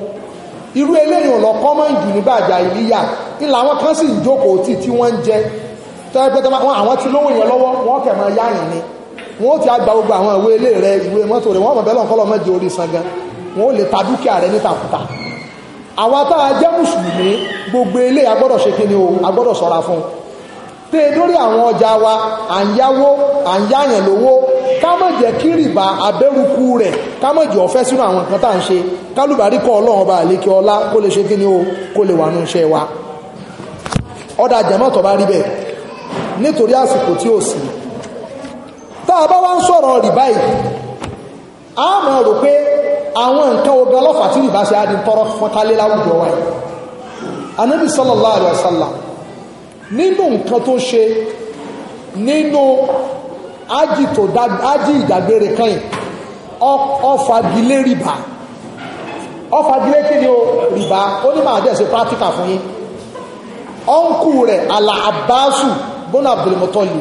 irú eléyìí ò lọ kọ́mọ̀ jù nígbàjà ìlíyà ńlá àwọn kan sì ń jókòó tì tí wọ́n ń jẹ tẹ́lẹ̀ pé àwọn tí lówó yẹn lọ́wọ́ wọ́n kẹ̀ máa yáyàn ni wọ́n ti àgbà gbogbo àwọn ìwé ilé rẹ ìwé mọ́tò rẹ wọ́n mọ̀ bẹ́ẹ̀ lọ́nkọ́ lọ́mọ́ di orí san gan wọ́n lè ta dúkìá rẹ nítakùtà àwa tá a jẹ́ mùsùlùmí gbogbo eléyìí agbọ́dọ̀ ṣe kí ni o agbọ́dọ̀ ṣọ́ra fún un pé lórí àwọn ọjà wa à ń yáwó à ń yáyàn lówó ká má jẹ́ kí rìbá abẹ́rùkú rẹ̀ ká má jẹ́ ọ̀fẹ́ sínú àwọn nǹkan tá à ń ṣe kálùbárí kọ́ ọlọ́run ọba àlékè ọlá kó lè ṣe kí ni o kó lè wà nù iṣẹ́ wa ọ̀dà jẹ̀mọ́ tó bá rí bẹ́ẹ̀ nítorí àsìkò tí ó sì tá a bá wá ń sọ̀rọ̀ rìbá yìí a máa rò pé àwọn nǹkan ogun ọlọ́fà tí rìbá ṣe á di tọrọ fọ́nkálé láwùjọ wa yìí anabi sallallahu alaihi wasallam nínú nǹkan tó ṣe nínú ájì tó kan yìí ọfagilé rìbá ọfagilé kí ni o rìbá ó ní màá dẹ̀ ṣe pátíkà fún yín ọ́nkù rẹ̀ àlà àbáṣù bọ́nà àbdùlùmọ́tọ́lù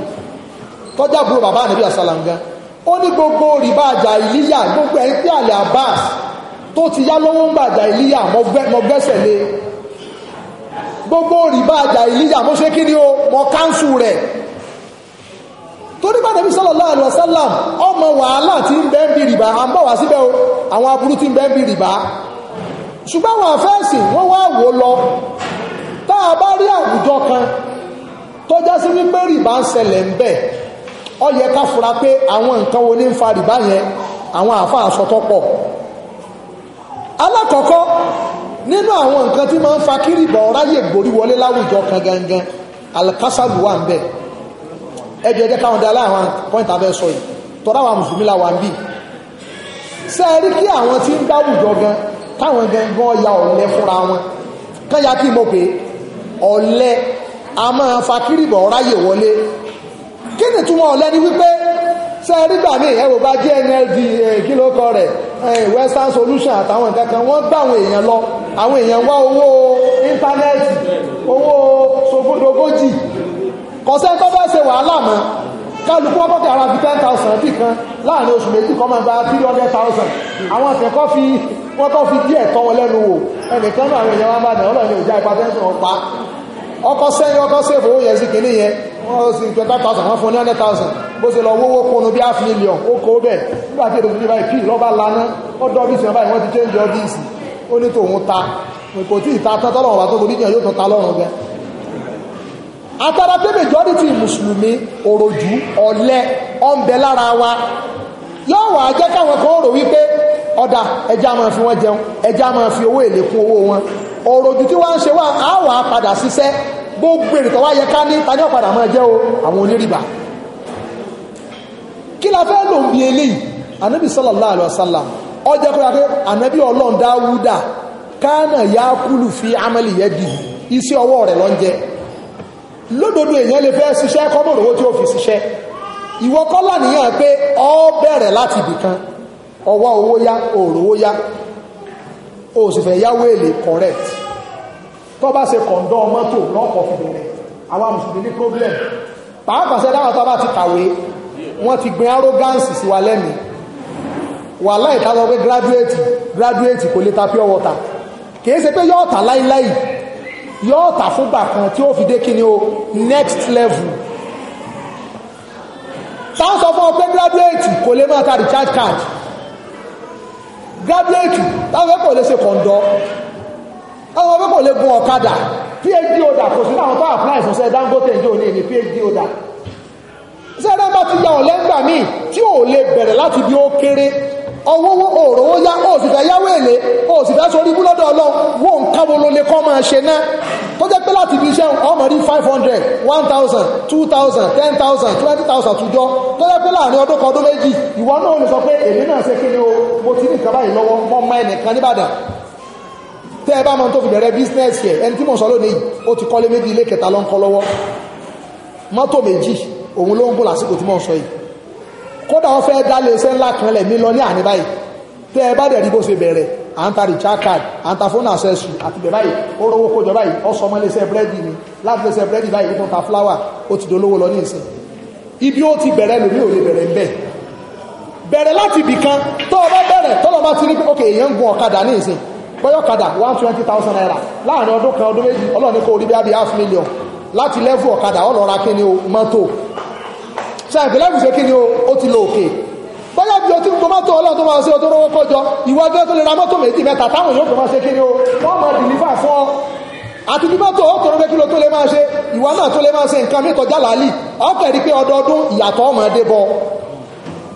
tọ́jà búrò bàbá ànábì àsàlàǹgá ó ní gbogbo rìbá àjà ìlíyà gbogbo ẹ̀ ń pè àlè àbáṣ tó ti yá lọ́wọ́ ń gbàjà ìlíyà mọ́gbẹ́sẹ̀ lé gbogbo rìbá àjà ìlíjà mo ṣe kí ni o mo káńsù rẹ̀ torí bá nàbí sallallahu ọmọ wàhálà tí ń ń bi rìbá à ń bọ̀ wá síbẹ̀ o àwọn aburú tí ń bi rìbá ṣùgbọ́n àwọn àfẹ́ẹ̀sì wọ́n wá wò lọ tá a bá kan tó já sí wípé rìbá ń ṣẹlẹ̀ ń bẹ̀ yẹ ká fura pé àwọn nínú àwọn nǹkan tí máa ń fa kírìbọ̀ ráyè borí wọlé láwùjọ kan gangan alkasabu wà ń bẹ̀ ẹjọ́ ẹjẹ́ káwọn dalá àwọn point abẹ́ sọ yìí tọ́ra àwọn mùsùlùmí la wà ń bì ṣe é rí kí àwọn tí ń dáwùjọ gan káwọn gangan ya ọ̀lẹ fúnra wọn kán ya kí mo pé ọ̀lẹ a máa fa kírìbọ̀ ráyè wọlé kí ni túmọ̀ ọ̀lẹ ni wípé ṣe é rí gbà mí ẹ̀rọ bá jẹ́ nld kí ló kọ rẹ̀ Eh, western solution àtàwọn nǹkan kan wọ́n gbà àwọn èèyàn lọ àwọn èèyàn wá owó íńtánẹ́ẹ̀tì owó sofodogójì kọ̀sẹ́ tó fẹ́ ṣe wàhálà mọ́ kálukú ọkọ̀ tí ara fi ten thousand bí kan láàrin oṣù méjì kọ́ máa gba three hundred thousand àwọn akẹ́kọ̀ọ́ fi wọ́n kọ́ fi díẹ̀ tọ́ wọn lẹ́nu wò ẹnìkan náà àwọn èèyàn wá bá dàn ọlọ́run ìjà ìpàtẹ́sán ọ̀pá ọkọ̀ sẹ́yìn ọkọ̀ sẹ́fù wọ́n sì twenty thousand wọ́n fún ní hundred thousand bó ṣe lọ wówó kunu bí half million ó kó bẹ̀ nígbà tí èdè òṣèlú báyìí kí lọ́ba laná ó dọ́ bí sinimá báyìí wọ́n ti change ọ́fíìsì ó ní tòun ta kò tí ì ta tán tọ́lọ́wọ́n bá tó torí jẹ́ yóò tún ta lọ́rùn gan atara pé majority mùsùlùmí òròjú ọ̀lẹ ọ̀nbẹ lára wa yóò wà á jẹ́ káwọn kan rò wípé ọ̀dà ẹja máa fi wọ́n jẹun ẹja máa fi owó èlé kún owó wọn òròjú tí wọ́n ń ṣe wà á wà á padà ṣiṣẹ́ gbogbo èrè tọ́wá yẹ ká ní ta ní ọ̀padà máa jẹ́ o àwọn onírìbà kí la fẹ́ lò ń bi eléyìí anabi sallallahu alayhi ọjọ́ pé pé anabi ọlọ́run dáwúdà kánà yá kúlù fi amẹ́lì yẹ di iṣẹ́ ọwọ́ rẹ̀ ló jẹ lódodo èèyàn lè fẹ́ ṣiṣẹ́ kọ́mọ̀ tí ó fi ṣiṣẹ́ ìwọ kọ́ lànìyàn pé ọ bẹ̀rẹ̀ láti ibìkan ọwọ́ owó yá òòrò yá o yáwó èlé correct tó bá ṣe kọ̀ǹdọ́ mọ́tò lọ́pọ̀ fi bẹ̀rẹ̀ àwọn mùsùlùmí ní problem pàápàá sẹ́dá àwọn tó bá ti kàwé wọ́n ti gbin arrogance sí wa lẹ́mí wà láì ká sọ pé graduate graduate kò lè ta pure water kìí ṣe pé yóò tà láíláì yóò tà fúgbà kan tí ó fi dé kíni o next level táwọn sọ fún ọ pé graduate kò lè máa ta recharge card graduate táwọn fẹ́ kò lè ṣe kọ̀ǹdọ́ kò lè gun ọ̀kadà phd holder kò sí náà tó apply fún dangote ndé òní ní phd holder sẹ́dá bá ti gba ọ̀lẹ́gbà míì tí ò lè bẹ̀rẹ̀ láti bí ó kéré ọwọ́wọ́ òòrùn ya yá ó yáwó èlé búlọ́dọ̀ nǹkan wo ló lè ọmọ rí five hundred one thousand two thousand ten thousand twenty thousand tó jẹ́ pé láàrin ọdún kan méjì ìwọ o mo ti ní lọ́wọ́ mọ́ tẹ́ ẹ bá máa tó fi bẹ̀rẹ̀ bísínẹ́sì ẹ̀ ẹni tí mò ń sọ lónìí ó ti kọ́lé méjì ilé kẹta ló ń kọ́ lọ́wọ́ mọ́tò méjì òun ló ń bò lásìkò tí mò ń sọ yìí kódà wọ́n fẹ́ dá léṣẹ́ ńlá kan lẹ̀ mí lọ ní àní báyìí tẹ́ ẹ bá dẹ̀ bó ṣe bẹ̀rẹ̀ à ń card anta ń ta phone accessory àti bẹ̀ báyìí ó rówó kójọ báyìí ó sọ ọmọ léṣẹ́ búrẹ́dì mi láti léṣẹ́ búrẹ́dì báyìí ó tún ta flower ó ti dolówó lọ ní ìsìn ibi ó ti bẹ̀rẹ̀ lómi ò lè bẹ̀rẹ̀ ń bẹ̀ bẹ̀rẹ̀ láti o bá bẹ̀rẹ̀ o bá ok èèyàn ń gun ọ̀kadà ní bọ́yọ̀kadà one twenty thousand naira láàrin ọdún kan ọdún méjì ọlọ́ọ̀ni kò rí bí i half million láti lẹ́fù ọ̀kadà ọlọ́ra kí ni o mọ́tò ṣáàpì lẹ́fù ṣe kí ni o ó ti lọ òkè bọ́yọ̀ bí o ti ń gbọ́ mọ́tò ọlọ́run tó máa ṣe ọdún owó kọjọ ìwọ gẹ́gẹ́ tó lè ra mọ́tò méjì mẹ́ta táwọn yóò tó máa ṣe kí ni o wọ́n máa dìlífà fún ọ àti bí mọ́tò ó tọrọ mẹ́kí ló tó lè máa ṣe ìwà náà tó lè máa ṣe nǹkan mẹ́tọ̀ jálàálì ọ̀kẹ́rì pé ọdọọdún ìyàtọ̀ ọmọdé bọ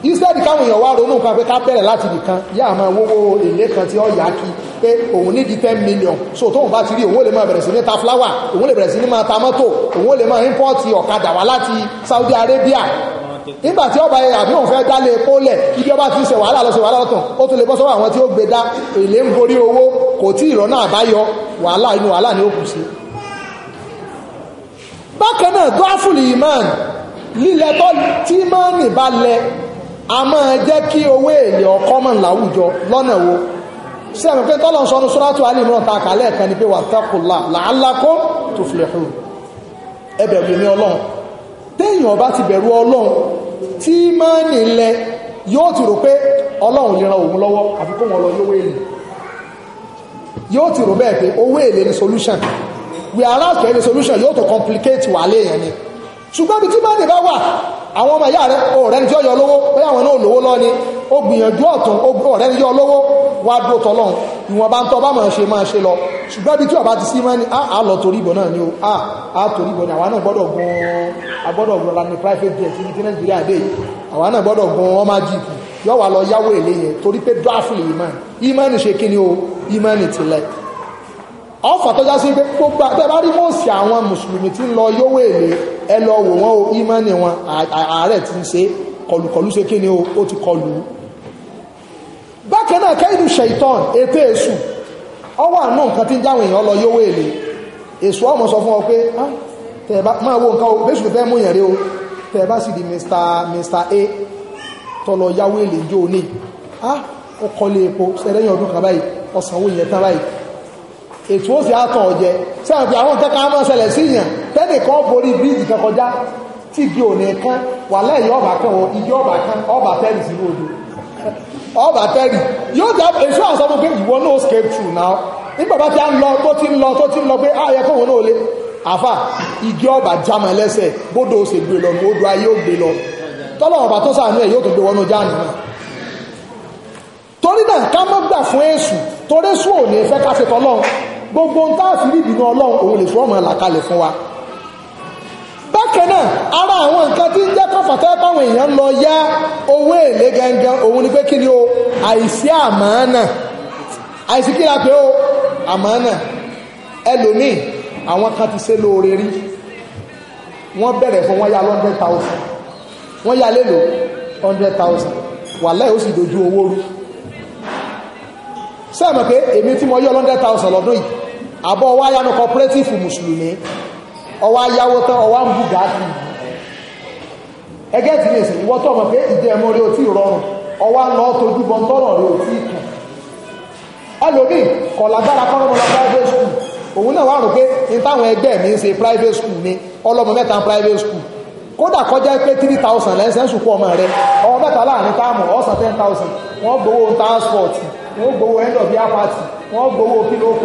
instead káwọn èèyàn wá ronú nǹkan pé ká bẹ̀rẹ̀ láti nìkan yá àmọ́ owó èlé kan tí ó yá kí pé òun ní di ten million so tóun bá ti rí òun ó lè máa bẹ̀rẹ̀ sí ní ta flower òun lè bẹ̀rẹ̀ sí ní máa ta mọ́tò òun ó lè máa import ọ̀kadà wá láti Saudi Arabia nígbà tí ọba yẹn àbí òun fẹ́ dálé epo lẹ̀ ibi ọba ti ń ṣe wàhálà lọ ṣe wàhálà lọ́tàn ó tún lè bọ́ sọ́wọ́ àwọn tí ó gbé dá èlé ń borí owó kò tí ìrọ́nà àbáyọ wàhálà inú wàhálà ni ó kù sí. bákan náà dọ́fùlì imán lílẹ̀ tó tí mọ́ọ̀nì bá lẹ a máa jẹ́ kí owó èlé ọkọ́ láwùjọ lọ́nà wo sẹ́mi pé tọ́lọ̀ sọnù sọ́ràtù alìmíràn ta àkàlẹ̀ ẹ̀kan ni pé wà tẹ́kùlá làálàkó tó filẹ̀ hù ẹ bẹ̀rù ní ọlọ́run téèyàn bá ti bẹ̀rù ọlọ́run tí máa ń nílẹ̀ yóò ti rò pé ọlọ́run lè ran òun lọ́wọ́ àfi kó wọn lọ lówó èlé yóò ti rò bẹ́ẹ̀ pé owó èlé ni solution we are out for solution yóò tó complicate wàhálẹ̀ yẹn ni ṣùgbọ́n ibi tí bá ní bá wà àwọn ọmọ ìyá rẹ ọ̀rẹ́ ní tí ó yọ lówó bóyá àwọn náà lówó lọ́ni ó gbìyànjú ọ̀tún ọ̀rẹ́ ní yọ lówó wá dúró tọ́lọ́run ìwọ̀n bá ń tọ́ bá máa ṣe máa ṣe lọ ṣùgbọ́n ibi tí ọba ti sí máa ní ah, a lọ torí ìbọn náà ni o a ah, a torí ìbọn ni àwa náà gbọ́dọ̀ gun agbọ́dọ̀ gun la ní private jet ní ti nàìjíríà dé àwa náà gbọ́dọ̀ gun ọmọ jíìpù yọ wà lọ yáwó èlé yẹn torí pé dráfìlì ọfà tó já sí pé gbogbo àtẹ́bá rí mọ́ọ̀sì àwọn mùsùlùmí tí ń lọ yówó èlé ẹ lọ wò wọ́n o ìmánì wọn ààrẹ ti ń ṣe kọlùkọlù ṣe kí ni o ó ti kọlù bákan náà kẹ́ìdù ṣẹ̀ìtàn ètò èṣù ọwọ́ àná nǹkan tí ń lọ yówó èlé èṣù ọmọ sọ ọ pé máa wo nǹkan o fẹ́ mú o sì di Mr tọlọ ètò ó sì àtọ̀ ọ̀jẹ́ sẹ́wọ̀n pé àwọn nǹkan kan máa ṣẹlẹ̀ sí kan borí bíríìjì kan kọjá tí igi ò ní kán wà lẹ́yìn ọba kan igi ọba kan ọba tẹ́rì sínú odò ọba tẹ́rì yóò jẹ́ èso àsọmọ pé ìwọ náà ó escape through now nígbà bá ti ń lọ tó ti ń lọ tó ti ń lọ pé ààyè ah, kóhun náà lé àfà igi ọba jámọ ẹlẹ́sẹ̀ bódò ó lọ ọba torí náà ká gbà fún torí ò ní fẹ́ ká ṣe tọ́lọ́run gbogbo ń táà sí ìbínú ọlọ́run òun lè fún ọmọ làkalẹ̀ fún wa bákan náà ara àwọn nǹkan tí ń jẹ́ kọ́ fàtẹ́ táwọn èèyàn lọ yá owó èlé gangan òun ni pé kí ni o àìsí àmánà àìsí kí la pé o àmánà ẹlòmíì àwọn kan ti ṣe lóore rí wọ́n bẹ̀rẹ̀ fún wọ́n yá hundred thousand wọ́n yá lélo hundred thousand wàláhì ó sì dojú owó rú sẹ́ẹ̀mọ̀ pé èmi tí mo yọ hundred thousand lọ́dún yìí àbọ̀ ọwọ́ ayánu cooperative musulumi ọwa ayáwó tán ọwa ń bùgà sí ẹgẹ́ ti ní ìsìn ìwọ́ pé ìdí ẹ̀mọ́ rọrùn ọwa ń lọ tójú bọ́ tọ́rọ̀ rẹ̀ ò tí ẹlòmíì lọ private school òun náà wà rò pé ní táwọn mi ń private school ni private school transport gbowó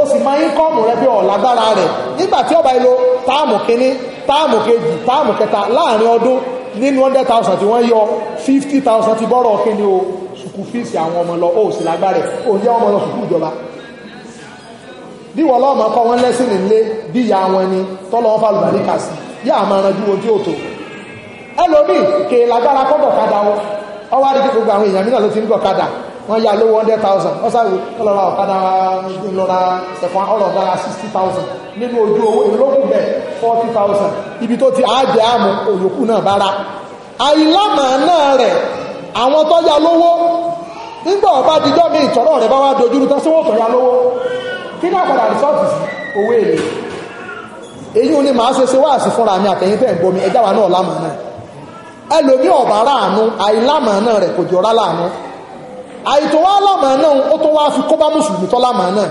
ó sì máa ń kọ́ọ̀mù rẹ bí ọ̀làgbára rẹ̀ nígbà tí ọba ìlò táàmù kínní táàmù kejì táàmù kẹta láàrin ọdún nínú hundred thousand tí wọ́n yọ fifty thousand ti bọ́rọ̀ kínní o sùkú fíìsì àwọn ọmọ lọ ó sì lágbára rẹ̀ ó yẹ ọmọ lọ sùkú ìjọba bí wọ́n lọ́mọ kọ́ wọn lẹ́sìn nílé bí ìyá wọn ni tọ́lọ́ wọn fàlùbáríkà sí yá àmọ́ ẹranjú ojú òtò ẹlòmíì kè lágbára kọ́ bọ̀kadà o ọwọ́ adigun wọ́n yá lówó hundred thousand wọ́n sáré ọlọ́ra ọ̀kadà ìlọ́ra ẹ̀fọn ọlọ́ra sixty thousand nínú ojú owó ìlókù bẹ̀ forty thousand ibi tó ti àjẹ́ àmú òyòkù náà bára àìlámàánà rẹ̀ àwọn tó yá lówó nígbà ọba àdìjọ́ mi ìtọ́rọ̀ rẹ̀ bá wá dojú ní tọ́sí wọ́n tó yá lówó kí ní àpàdà rìsọ́ọ̀tì owó èlé èyí ò ní màá ṣe ṣe wáàsí fúnra mi àtẹ̀yìn tẹ̀ ń gbomi ẹjá wa náà lámàánà ẹlòmí ọ̀bá ráàánú àìlámàánà rẹ̀ kò jọra àìtò wá lámàá náà ó tó wá fi kó bá mùsùlùmí tọ́ lámàá náà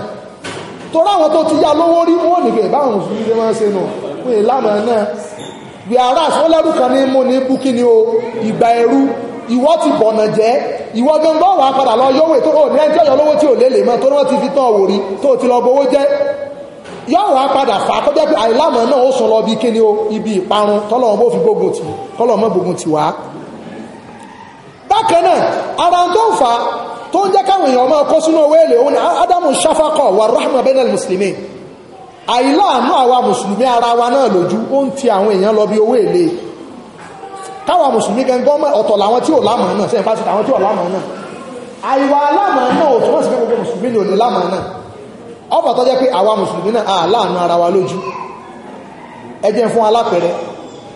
torí àwọn tó ti yá lówó rí wọn nìgbẹ́ báwọn mùsùlùmí ṣe máa ń ṣe nù pé lámàá náà bí ara àsọ́lẹ́rù kan ní mú ní búkíní o ìgbà ẹ̀rú ìwọ ti bọ̀nà jẹ́ ìwọ gbọ́ngàn wà padà lọ yọ̀wé tó ní ẹjọ́ yọ lówó tí ò lélẹ̀ mọ́ tó ní wọ́n ti fi tán òwòrí tó ti lọ bowó jẹ́ yọ̀wé wà padà fà kó jẹ́ pé àìlámọ̀ náà ó sùn bí kíní o ibi ìparun tọ́lọ́wọ́n bó fi gbógun tì tọ́lọ́wọ́n mọ́ gbógun tì wá. bákan náà ara tó ń fa tó ń jẹ́ káwọn èèyàn máa sínú owó èlé òun ni ádámù ṣáfàkọ̀ wà rahma benel muslimin àìláàánú àwa mùsùlùmí ara wa náà lójú ó ń ti àwọn èèyàn lọ bí owó èlé mùsùlùmí gẹ́gọ́mọ̀ ọ̀tọ̀ làwọn tí ò lámọ̀ náà sẹ́yìn pásítọ̀ àwọn tí ò lámọ̀ náà àìwà lámọ̀ náà ò sí pé gbogbo mùsùlùmí ni ò ní mùsùlùmí náà àláàánú ara wa lójú ẹ fún alápẹ̀rẹ̀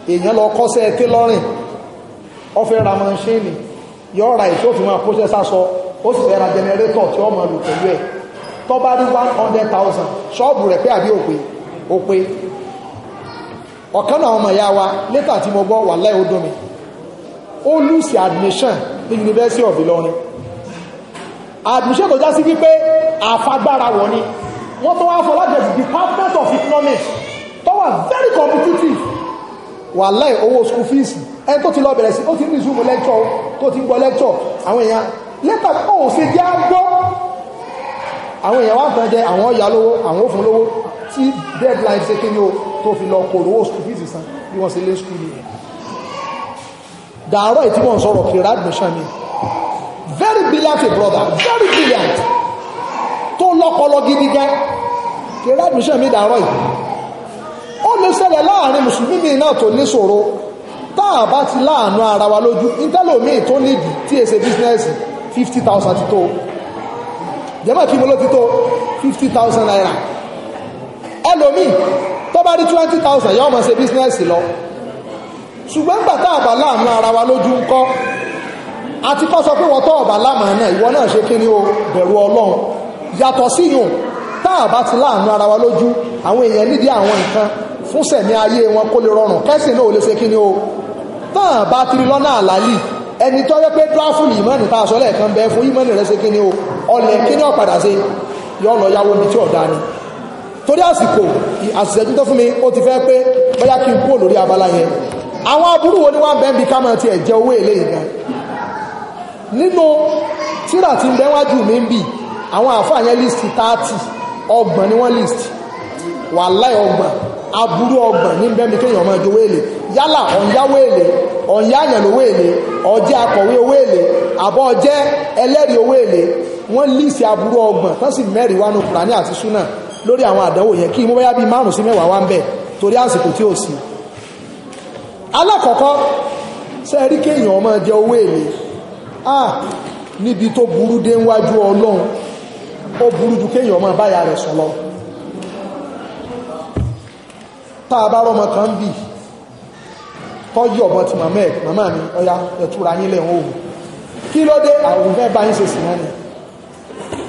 èèyàn ó sì fẹ́ ra jẹnẹrétọ̀ tí wọ́n máa lò pẹ̀lú ẹ̀ tó bá rí one hundred thousand ṣọ́ọ̀bù rẹ̀ pé àbí òpè òpè ọ̀kan náà ọmọ ìyá wa létà tí mo gbọ́ wà láì ó dùn mi ó lùsì admission ní University of Ìlọrin admission tó já sí wípé àfagbára wọ̀ ni wọ́n tó wá fọ́ láti ẹ̀sìn Department of Economics tó wà very competitive wàláì owó school fees ẹni tó ti lọ bẹ̀rẹ̀ sí ó ti ní ìṣúmù lecture tó ti ń gbọ́ lecture àwọn èèyàn lẹ́tà ó ṣe jẹ́ àgbọ́ àwọn èèyàn wá ń tàn jẹ àwọn ọ̀yà lówó àwọn òfin lówó tí deadline ṣe kíni o tó fi lọ kòrò ó school fees san bí wọ́n ṣe lé school yìí dàárọ̀ ìtí wọ́n sọ̀rọ̀ kìrì admission ni very brilliant brother very brilliant tó lọ́pọlọ gidi gan kìrì admission mi dàárọ̀ yìí ó lè ṣẹlẹ̀ láàrin mùsùlùmí mi náà tó ní ṣòro tá a bá ti láàánú ara wa lójú ìtẹ́lómi tó nídìí tí èsè bísínẹ́sì fifty thousand ti tó jẹ́mọ̀ kí mo ló ti tó fifty thousand naira ẹlòmíì tó bá rí twenty thousand yóò máa ṣe bísínẹ́sì lọ ṣùgbọ́n nígbà tá a bá láàmú ara wa lójú ń kọ́ àti kọ́ sọ pé wọ́n tọ́ ọ̀bà láàmú náà ìwọ náà ṣe kí ni o bẹ̀rù ọlọ́run yàtọ̀ sí yùn tá a ti láàmú ara wa lójú àwọn èèyàn nídìí àwọn nǹkan fún sẹ̀mí ayé wọn kó lè rọrùn kẹ́sìn náà ò lè ṣe kí ni o tá a bá ti rí lọ́nà àlàálì ẹni tó yẹ pé dráfùlì ìmọ̀nì tá a sọ lẹ́ẹ̀kan fún ìmọ̀nì rẹ̀ ṣe kí ni o ọlẹ̀ kí ni ọ̀padà ṣe yọ lọ yáwó mi tí ọ̀dà ni torí àsìkò àṣìṣẹ́jú tó fún mi ó ti fẹ́ pé bóyá kí n kúrò lórí abala yẹn àwọn aburú wo ni wọ́n bẹ́ẹ̀ bí kámọ́ ti ẹ̀ jẹ owó èlé ìgbà nínú tíra ti ń bẹ́ wájú mi ń bì àwọn àfáà yẹn list thirty ọgbọ̀n ni wọ́n list wàláì ọgbọ̀n aburú ọgbọ̀n ní bẹ́ẹ̀ ni kéèyàn máa jowó èlé yálà ọ̀nyáwó èlé ọ̀nyáyàn lówó èlé ọjẹ́ akọ̀wé owó èlé àbọ̀ ọjẹ́ ẹlẹ́rìí owó èlé wọ́n líìsì aburú ọgbọ̀n tán sì mẹ́rin wá nu Kùránì àti súnà lórí àwọn àdánwò yẹn kí mọ́báyá bíi márùn sí mẹ́wàá wá ń bẹ̀ torí àsìkò tí ò sí. alákọ̀ọ́kọ́ sẹ́ẹ̀rí kéèyàn máa jẹ owó èlé ah níbi tó burú dé níwájú Ọlọ́run ó burú ju kéèyàn máa báyà rẹ̀ sọ̀lọ́ tá a bá rọmọ kan bì tọ́jú ọ̀bọ ti màmá ẹ̀ màmá mi ọya ẹ̀túra yín lẹ́hìn òun kí ló dé àwọn fẹ́ bá yín ṣe sì náà ni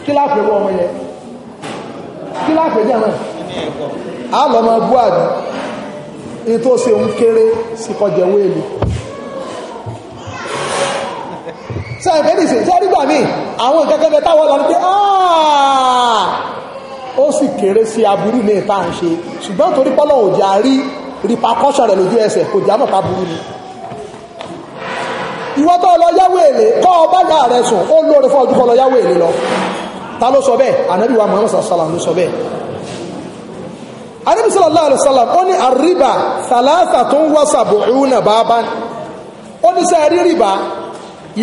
kí láàpẹ̀ wọ ọmọ yẹn kí láàpẹ̀ jẹ́ náà á lọ mọ bú àdú ní tó ṣe ń kéré sí kọjẹ wéèlì sẹ́yìn kẹ́ni sẹ́yìn sẹ́yìn nígbà míì àwọn nǹkan kẹ́kẹ́ táwọn lọ pé áà ó sì kéré sí aburú ilé ìta à ń ṣe ṣùgbọ́n torí pọ́lọ́ òjà rí rìpakọ́ṣọ̀ rẹ̀ lójú ẹsẹ̀ kò jámọ̀ ká burú ni ìwọ́ tó lọ yáwó èlé kọ́ ọba yà rẹ̀ sùn ó lóore fún ọdún kọ́ lọ yáwó èlé lọ ta ló sọ bẹ́ẹ̀ anabi wa muhammad sallam ló sọ bẹ́ẹ̀ anabi sallallahu alayhi wa sallam ó ní àríbà thalatha tó ń wá sàbòrúnà bàbá ó ní sẹ́ rírìbà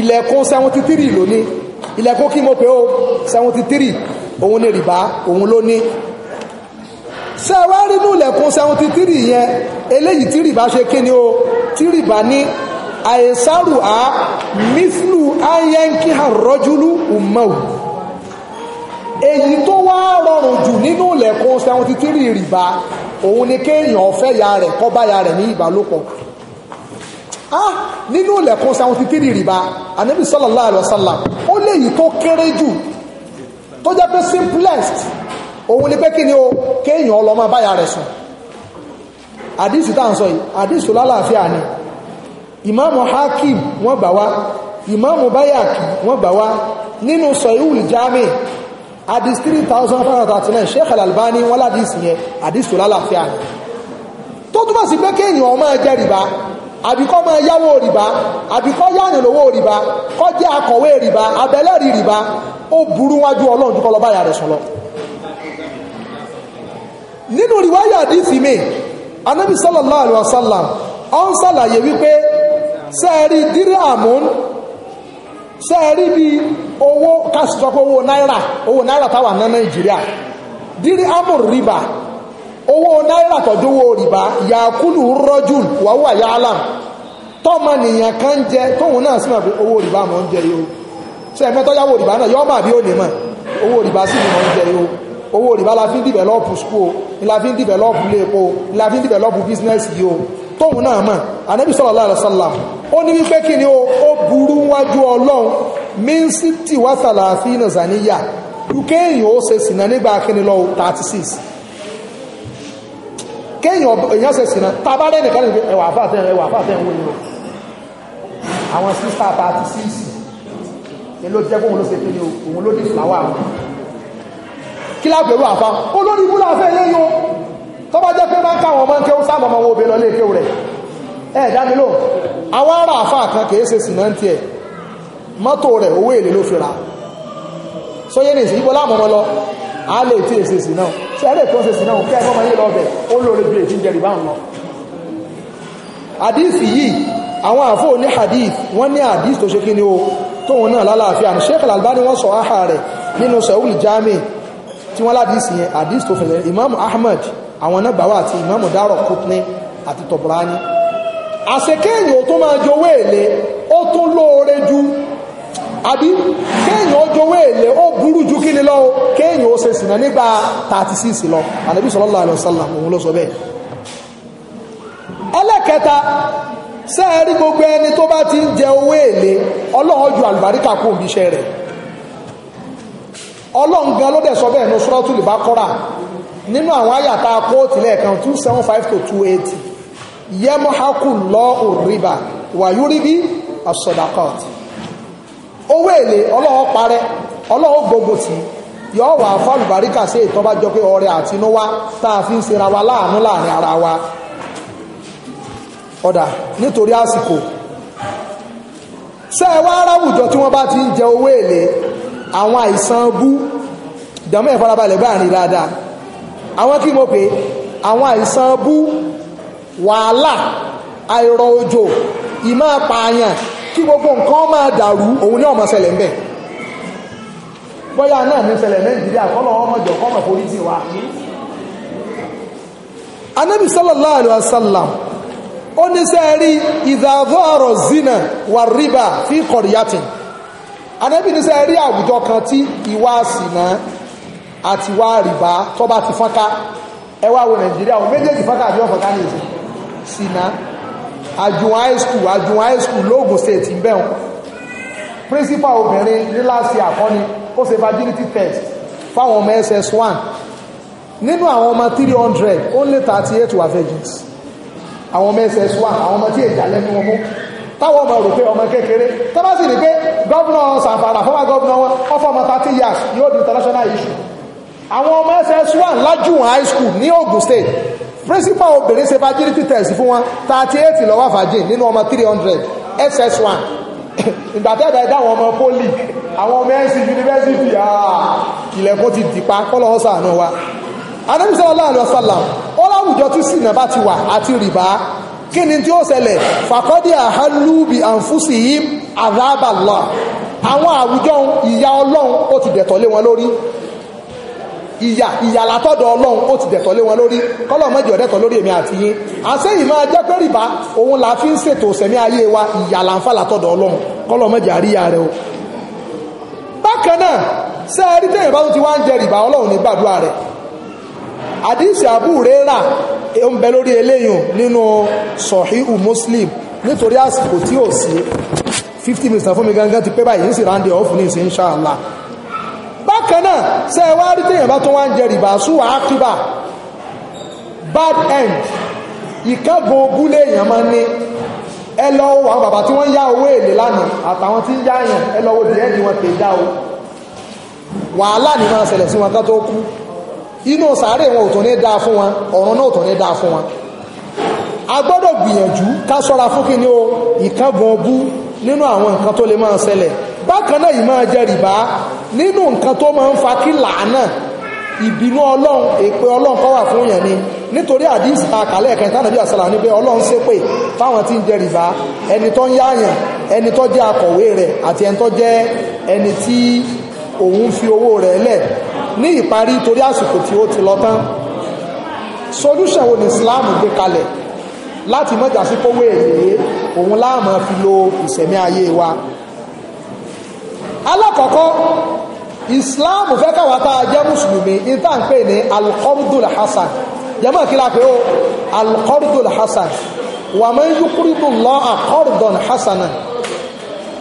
ilẹ̀kùn seventy three lónìí ilẹ̀kùn kí mo pè ó seventy three òun ní rìbá òun ló ní ṣe wá rínú seventy three yẹn eléyìí tí rìbá ṣe kí ni o tí rìbá ní àìsàrù á mísìlù ayẹ́ńkì àrọ́júlù ùmọ̀ù èyí tó wá rọrùn jù nínú ilẹ̀kùn seventy three rìbá òun ni kéèyàn ọ̀fẹ́ ya rẹ̀ kọ́ bá ya rẹ̀ ní ìbálòpọ̀ ah nínú ilẹ̀kùn seventy three rìbá ànábì sallallahu alaihi wasallam ó léyìí tó kéré jù tó jẹ́ pé simplest òun ni pé kí ni o kéèyàn ọlọ́mọ báyà rẹ̀ sùn àdìsí tá à ń sọ yìí àdìsí tó lálàáfíà ni ìmáàmù hakim wọ́n gbà wá ìmáàmù bayaki wọ́n gbà wá nínú sọ̀yúwì jami àdìsí 3539 sheikh al-albani wọ́n ládìsí yẹn àdìsí tó lálàáfíà ni tó túmọ̀ sí pé kéèyàn ọmọ ẹjẹ́ rìbá àbíkọ́ máa yáwó rìbá àbíkọ́ yáàyàn lówó rìbá kọ́ jẹ́ akọ̀wé rìbá abẹ́lẹ́rì rìbá ó burú wájú ọlọ́run tó kọ́lọ́ báyà rẹ̀ sọ̀lọ́ nínú rìwáyà àdìsí mi anábì sallallahu alaihi wasallam ó sàlàyé wípé sẹ́ẹ̀rí díràmù sẹ́ẹ̀rí owó kásìtọ́pọ̀ owó náírà owó náírà ná nàìjíríà owó náírà tọ́júwó rìbá yakulu rọ́jù wàhùwà yálà tọ́mọ nìyàn kan ń jẹ tóun náà sì máa fi owó rìbá mọ́ ń jẹ yìí o ṣe ẹ̀mẹ́ tọ́jáwó rìbá náà yọ́ màbí ó ní mọ̀ owó rìbá sì ni mọ́ ń jẹ yìí o owó rìbá la fi ń dìbẹ̀lọ́pù school ni la fi ń dìbẹ̀lọ́pù léèpo ni la fi ń dìbẹ̀lọ́pù business yìí o tóun náà mọ̀ anabi sallallahu alaihi wasallam ó ní wípé kí ni o ó burú wájú ọlọ́run mínísítì wàsàlà àfihàn zaniya dùkéèyàn ó ṣe sìnà nígbà kíni lọ́wọ́ thirty kéèyàn èèyàn ṣe sìnà tàbá rẹ̀ nìkan ní ẹwà àfáàfẹ́ ẹwà àfáàfẹ́ ń wòye o àwọn sísá àti síìsì ni ló jẹ́ fún òun ló ṣe pé ní òun ló ní fìlàwà àwọn kí lábẹ̀rù àfa olórí ibú láfẹ́ eléyìí o tó bá jẹ́ pé bá ń káwọn ọmọ ń kéwú sáàmù ọmọ obìnrin lọlé kéwú rẹ̀ ẹ dámi lò àwọn ará àfa kan kìí ṣe sìnà ń ọmọ sẹ́rẹ̀ tó ń ṣe sínú kẹ́ ẹ̀kọ́ mọ́yé lọ́bẹ̀ ó lóore bí èjì jẹ́ rìbá ńlọ hadith yìí àwọn àfóò ní hadith wọ́n ní hadith tó ṣe kí ni o tóun náà lálàáfíà ní Sheikh Al-Albani wọ́n sọ áhà rẹ̀ nínú sẹ́wùlì jami tí wọ́n ládìí yẹn hadith tó fẹ̀lẹ̀ Imam Ahmad àwọn nàgbàwà àti Imam Daraqutni àti Tabrani àṣekẹ́yìn ò tó máa jowó èlé ó tún lóore ju àbí kéèyàn ó jowó èlé ó burú ju kí ni lọ o kéèyàn ó ṣe sìnà nígbà 36 lọ ànábì sallallahu alaihi wasallam òun ló sọ bẹ́ẹ̀ ẹlẹ́kẹta sẹ́ẹ̀rí gbogbo ẹni tó bá ti ń jẹ owó èlé ọlọ́run àlùbáríkà kó òbí iṣẹ́ rẹ̀ ọlọ́run ló dẹ̀ sọ bẹ́ẹ̀ ní Suratul Baqara nínú àwọn àyàtà kóòtù lẹ́ẹ̀kan 275 to 280 yẹ́mọ́hákù lọ́ọ̀rìbà wàyúríbí àsọ̀dàkọ̀tì owó èlé ọlọ́wọ́ parẹ́ ọlọ́wọ́ gbogbo tì í yọ wà fún àlùbáríkà sí ètò ọba jọ pé ọrẹ àtinúwá tá a fi ń ṣera wa láàánú láàrin ara wa ọ̀dà nítorí àsìkò ṣé ẹ wá aráwùjọ tí wọ́n bá ti ń jẹ owó èlé àwọn àìsàn bú ìdààmú ìfarabalẹ̀ bá rìn dáadáa àwọn kí mo pè àwọn àìsàn bú wàhálà àìrọ̀ òjò ìmọ̀ apààyàn kí gbogbo nǹkan máa dàrú òun ní ọmọ ṣẹlẹ̀ ńbẹ̀ bóyá náà ní ṣẹlẹ̀ nàìjíríà kọ́lọ̀ ọmọjọ kọ́mọ̀ forí sí wa. anábì sallallahu alaihi wasallam ó ní sẹ́ẹ̀rí ìdàgọ́ ọ̀rọ̀ zina wà rìbá fi kọ̀ríyàtì anábì ní sẹ́ẹ̀rí àwùjọ kan tí ìwà sìnà àti ìwà rìbá tó bá ti fọ́nká ẹ wá wo nàìjíríà òun méjèèjì fọ́nká àbí ọ̀fọ̀ká ní ìsìn sìnà àjùn high school àjùn high school lóògùn state ń bẹ̀rùn principal obìnrin ní láti àkọ́ni ó ṣe virginity test fáwọn ọmọ ss1 nínú àwọn ọmọ 300 only 38 were virgins àwọn ọmọ ss1 àwọn ọmọ tí èjà lẹ́nu wọn mú táwọn ọmọ rò pé ọmọ kékeré tó bá sì rí pé gọ́vnà sàǹfàrà fọ́wọ́ gọ́vnà wọn ọfọ́ ọmọ 30 years yóò di international issue àwọn ọmọ ss1 lájùwọ̀n high school ní Ogun State principal obìnrin ṣe virginity test fún wọn thirty eight ló wà virgin nínú ọmọ three hundred ss one ìgbà tẹ́ẹ̀dá ẹ̀dá àwọn ọmọ poli àwọn ọmọ nc university ah, ilẹ̀kùn ti dìpa kọ́lọ́wọ́ sàánú wa anamisa ọlọ́ọ̀lọ́ sálàm ó láwùjọ tí sinna bá ti wà àti rìbá kí ni tí ó ṣẹlẹ̀ fàkọ́dí àhálùbí àǹfùsì yìí àdábàlá àwọn àwùjọ ìyá ọlọ́run ó ti dẹ̀tọ̀ lé wọn lórí ìyà ìyà látọ̀dọ̀ ọlọ́run ó ti dẹ̀tọ̀ lé wọn lórí kọ́lọ̀ mọ́jọ dẹ̀tọ̀ lórí èmi àti yín àsẹ́yìn máa jẹ́ pé rìbá òun la fi ń ṣètò sẹ̀mí ayé wa ìyà làǹfà látọ̀dọ̀ ọlọ́run kọ́lọ̀ mọ́jọ àríyá rẹ o. bákan náà ṣé ẹ rí téèyàn bá tún ti wá ń jẹ rìbá ọlọ́run ní gbàdúrà rẹ̀ àdìsí àbúrérà ń bẹ lórí eléyìn nínú sọ̀híhù muslim nítorí àsìkò tí ò sí fifty minutes fún mi gangan ti pé báyìí ń sì ráńdì ọ̀fun ní ìsìn insha Allah bákan náà ṣe wá rí téèyàn bá tún wá ń jẹ rìbá súwà bad end ìkángun ogún léèyàn máa ń ní ẹ lọ wo àwọn bàbá tí wọ́n ń yá owó èlé lánàá àtàwọn tí ń yá èèyàn ẹ lọ wo the end wọn tè dá o wàhálà ni máa ṣẹlẹ̀ sí wọn ká tó kú inú sàárè wọn ò tún ní dáa fún wọn ọ̀run náà ò tún ní dáa fún wọn a gbọ́dọ̀ gbìyànjú ká sọ́ra fún kí ni o ìkángun ogún nínú àwọn nǹkan tó lè máa ṣẹlẹ̀ bákan náà yìí máa jẹ rìbá nínú nǹkan tó máa ń fa kí làánà ìbínú ọlọ́run èpè ọlọ́run kọ́ fún èèyàn ni nítorí àdìsí ta kàlẹ́ ẹ̀kẹ́ tánà bí àṣàlà níbẹ̀ ọlọ́run ṣépè fáwọn tí ń jẹ rìbá ẹni tó ń yáàyàn ẹni tó jẹ́ akọ̀wé rẹ̀ àti ẹni tó jẹ́ ẹni tí òun fi owó rẹ̀ lẹ̀ ní ìparí torí àsìkò tí ó ti lọ tán solution wo ni Islam gbé kalẹ̀ láti mọ̀jà sí kówó èlé òun láàmú fi lo ìṣẹ̀mí ayé wa alákọ̀ọ́kọ́ islam fẹ́ káwa tá a jẹ́ mùsùlùmí ìta ń pè ní alqardul hasan jẹ́mọ̀ kí la pé o alqardul hasan wa man yuqridu Allaha qardan hasanan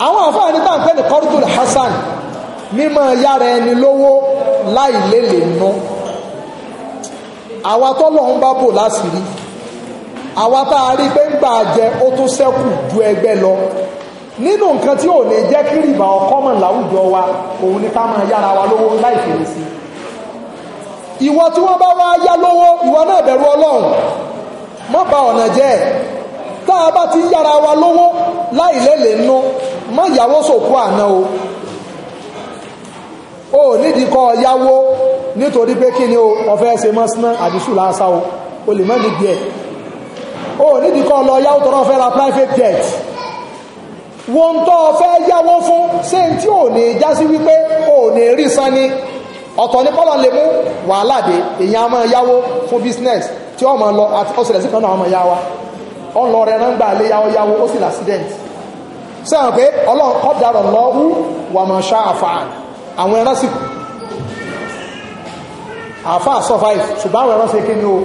àwọn àfáà ní tá à ń pè ní qardul hasan mímọ yára ẹni lówó láì lélẹ̀ nù àwa ń bá bò láṣìírí àwa tá pé ń gbà jẹ ó tún sẹ́kù ju ẹgbẹ́ lọ nínú nǹkan tí ò lè jẹ́ kí rìbá ọkọ́ mọ̀ láwùjọ wa òun ni ká máa yára wa lówó láì fèrè sí ìwọ tí wọ́n bá wá yá lówó ìwọ náà bẹ̀rù ọlọ́run má ba ọ̀nà jẹ́ ẹ̀ tá a bá ti yára wa lówó láì lélẹ̀ má yáwó sòkú àná o o nídìí kọ́ yáwó nítorí pé kí ni o ọ̀fẹ́ ṣe mọ́ síná àdìsú làásà o o lè nídìí ẹ̀ o nídìí kọ́ lọ yáwó tọ́rọ fẹ́ ra private jet wọn tó o fẹ́ yáwó fún ṣé n tí ò ní já sí wípé ò ní rí san ni ọ̀tọ̀ ní kọ́lọ̀ lè mú wàhálà dé èèyàn máa yáwó fún business tí ó máa lọ àti ó ṣẹlẹ̀ sí kan náà ọmọ yá wa ó lọ rẹ náà ń gbà lé yáwó yáwó ó sì l'accident sẹ́wọ̀n pé ọlọ́run kọ́ darọ̀ lọ́wọ́ wà máa ṣá àfàà àwọn ẹran sì kù àfàà survive ṣùgbọ́n àwọn ẹran ṣe kí ni o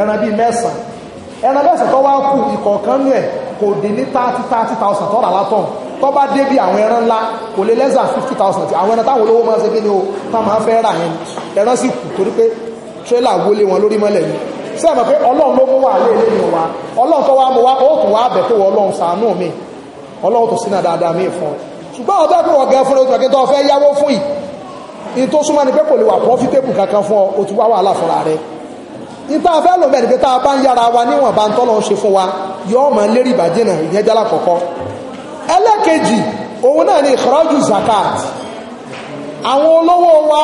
ẹran bíi mẹ́sàn-án ẹran lẹ́sẹ̀ tó wá kú ìkọ̀ọ̀kan ní ẹ̀ kò dé ní thirty thirty thousand tọ́ra látọ̀ tó bá dé bí àwọn ẹran ńlá kò lè less than fifty thousand àwọn ẹran táwọn olówó máa ń ṣe kí ni o tá máa ń fẹ́ rà yẹn ẹran sì kù torí pé tírélà wọlé wọn lórí mọ́lẹ̀ ni ṣé àmọ́ pé ọlọ́run ló mú wá lé eléyìí wa ọlọ́run tó wá mú wá ó tún wá bẹ̀ pé wọ́n ọlọ́run ṣàánú mi ọlọ́run tó nípa afẹ́ lò mẹ́rin pé tá a bá ń yára wa níwọ̀n bá ń tọ́lọ̀ ń ṣe fún wa yọ́ọ́ mọ̀ lérí ìbàjẹ́ náà ìyẹn jálá kọ̀kọ́ ẹlẹ́kejì òun náà ni ìkọ́rọ́jù zakat àwọn olówó wa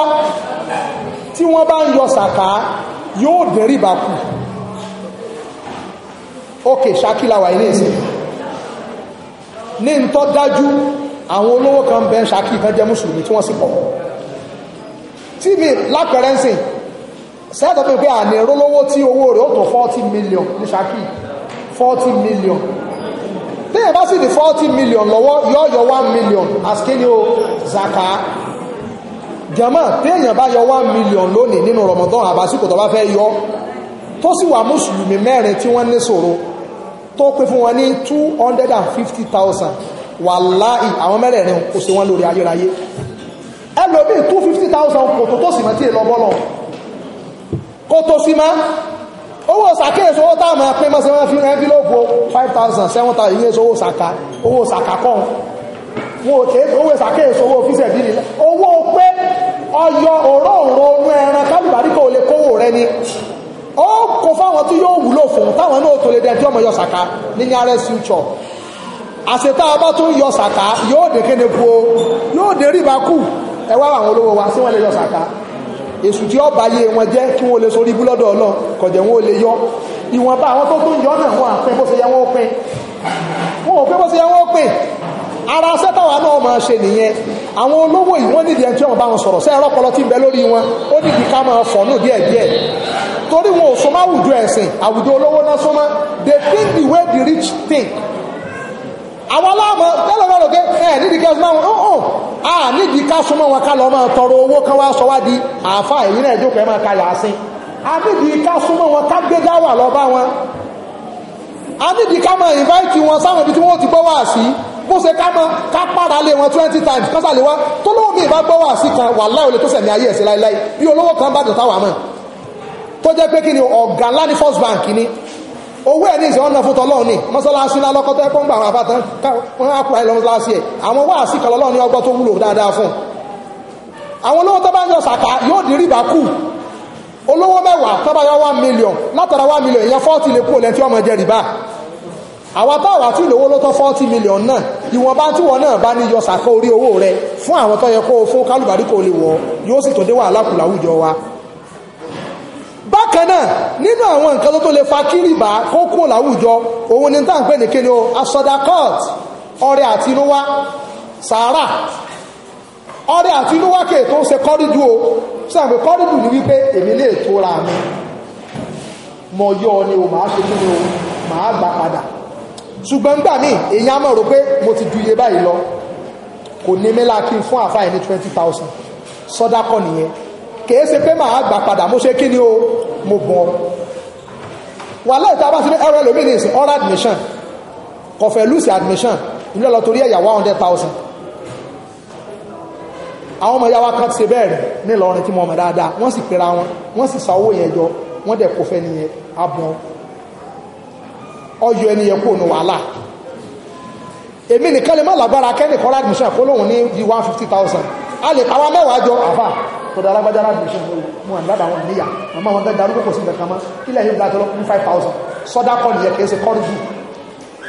tí wọ́n bá ń yọ sàká yóò dín rìbá kù ókè ṣakíláwà ilé ìsìn ní ń dájú àwọn olówó kan bẹ́ẹ̀ ṣakí kan jẹ́ mùsùlùmí tí wọ́n sì pọ̀ tí mi ń sìn sẹ́yìn tó pé àní rólówó tí owó rẹ̀ ó tó forty million ní Ṣakí forty million téèyàn bá sì di forty million lọ́wọ́ yọ yọ one million ni o zaka jama téèyàn bá yọ one million lónìí nínú Ramadan àbásíkò tó bá fẹ́ yọ tó sì wà mùsùlùmí mẹ́rin tí wọ́n ní ṣòro tó pín fún wọn ní two hundred and fifty thousand wàláì àwọn mẹ́rẹ̀ẹ̀rin kò sí wọn lórí ayérayé ẹlòmíì two fifty thousand kò tó tó sì mọ́ tí èlò ọbọ̀ lọ́wọ́ kó tó sí má owó sàkéèsì owó táà máa pín mọ́sí wọ́n fi rẹ́ bí lóògbò 5000 7000 iye owó sàká owó sàká kọ́ wọn ò kéèké owó sàkéèsì owó fíṣẹ̀ bí nílẹ̀ owó pé ọyọ òróòrò onú ẹran kálùbárí kò lè kówó rẹ ni ó kó fáwọn tí yóò wúlò fún táwọn náà tó lè dẹ tí ọmọ yọ sàká ní nearest future àṣetá ọba tó ń yọ sàká yóò dé kéde bu o yóò dé rí ibà kù ẹ wá àwọn olówó wa sí wọn lè yọ sàká èsù tí ọba yé wọn jẹ́ kí wọ́n lè sórí ibú lọ́dọ̀ kọ̀jẹ̀ wọn lè yọ ìwọ̀nba àwọn tó tún yọ náà wọn àpẹ́ bó ṣe yẹ wọ́n pẹ́ wọn ò pẹ́ bó ṣe yẹ wọ́n pẹ́ ara sẹ́tàwá náà máa ṣe nìyẹn àwọn olówó yìí wọ́n nídìí ẹni bá wọn sọ̀rọ̀ sẹ́ẹ̀rọ ọpọlọ tí ń bẹ lórí wọn ó nídìí ká máa fọ̀nù díẹ̀díẹ̀ torí wọn ò súnmọ́ àwùjọ ẹ̀sìn àwùjọ olówó náà súnmọ́ they think the way the rich think àwọn aláàmọ lẹ́lọ́rọ́ rò pé ẹ nídìí kí ẹ súnmọ́ wọn ọ̀hún oh, à oh, ah, nídìí ká súnmọ́ wọn ká lọ máa tọrọ owó kan wá sọ wá di àáfà èyí náà jókòó ẹ máa ka yàásín a nídìí ká súnmọ́ wọn ká gbé dáwà lọ bá wọn a nídìí ká máa invite wọn sáwọn ibi tí wọn ò ti gbọ́ wá sí bó ṣe ká mọ ká para lé wọn twenty times kọ́sà lè wá tó lóun mi ìbá gbọ́ wá sí kan wà láì olè tó sẹ̀mí ayé ẹ̀sìn láéláé bí olówó kan bá dùn táwa mọ̀ tó jẹ́ pé kí ni ọ̀gá ńlá ní first bank ni owó ẹ̀ ní ọ̀nà fún tọ́lọ́ ni mọ́sálásí lálọ́kọ́ tó ẹ̀kọ́ ń gbà àwọn àbátan wọn á kúra ìlọ mọ́sálásí ẹ̀ àwọn wá sí kọlọ́lọ́ ní ọgbọ́n tó wúlò dáadáa fún àwọn olówó tó bá ń yọ sàkà yóò di rìbá kù olówó mẹ́wàá tó bá yọ one million látara one million ìyẹn forty lè kú lẹ́ntì ọmọ jẹ rìbá àwa táwa tí ìlówó ló tó forty million náà ìwọ̀nba tí wọn náà bá ní yọ sàkà orí owó rẹ fún àwọn tó yẹ kó o fún kálùbárí kò lè wọ yóò sì tó dé wàhálà kù láwùjọ wa bákan náà nínú àwọn nǹkan tó tó lè fa kírìbá kó kúrò láwùjọ òun ni tá à ń pè ní kéde o asọdakọt ọrẹ àtinúwá sàárà ọrẹ àtinúwá kè tó ń ṣe kọ́rídù o sàgbé kọ́rídù ni wípé èmi lè tóra mi mọ yọ ọ ni o màá ṣe kí ni o màá gbà padà ṣùgbọ́n gbà mí èyí á mọ̀ rò pé mo ti ju iye báyìí lọ kò ní mílá kí n fún àfáà ní twenty thousand sọdakọ nìyẹn kìí ṣe pé màá gbà padà mo ṣe kí ni o mo bọ̀ wàhálà ìta bá ti ní ẹrọ ẹlòmíì ní ìsìn ọ̀rọ̀ admission kọfẹ́ lùsì admission ilé ọlọ torí ẹ̀yà one hundred thousand àwọn ọmọ yàwá kan ti ṣe bẹ́ẹ̀ rí nílọrin tí mo mọ̀ dáadáa wọ́n sì pera wọn wọ́n sì sa owó yẹn jọ wọ́n dẹ̀ kó fẹ́ nìyẹn abọ́n ọyọ ẹni yẹn kó nu wàhálà èmi nìkan lè má lágbára kẹ́nìkan rádìmíṣàn kó lóun ní di one fifty thousand a lè pa wá mẹ́wàá jọ àfà tọ́dọ̀ alágbájá aládùúgbò mú àmì ládàá wọn níyà màmá wọn gẹ́gẹ́ darúgbò kò sí nǹkan mọ́ ilẹ̀ yìí dájọ́ ní five thousand sọ́dá kọ́ nìyẹn kìí ṣe kọ́rí jù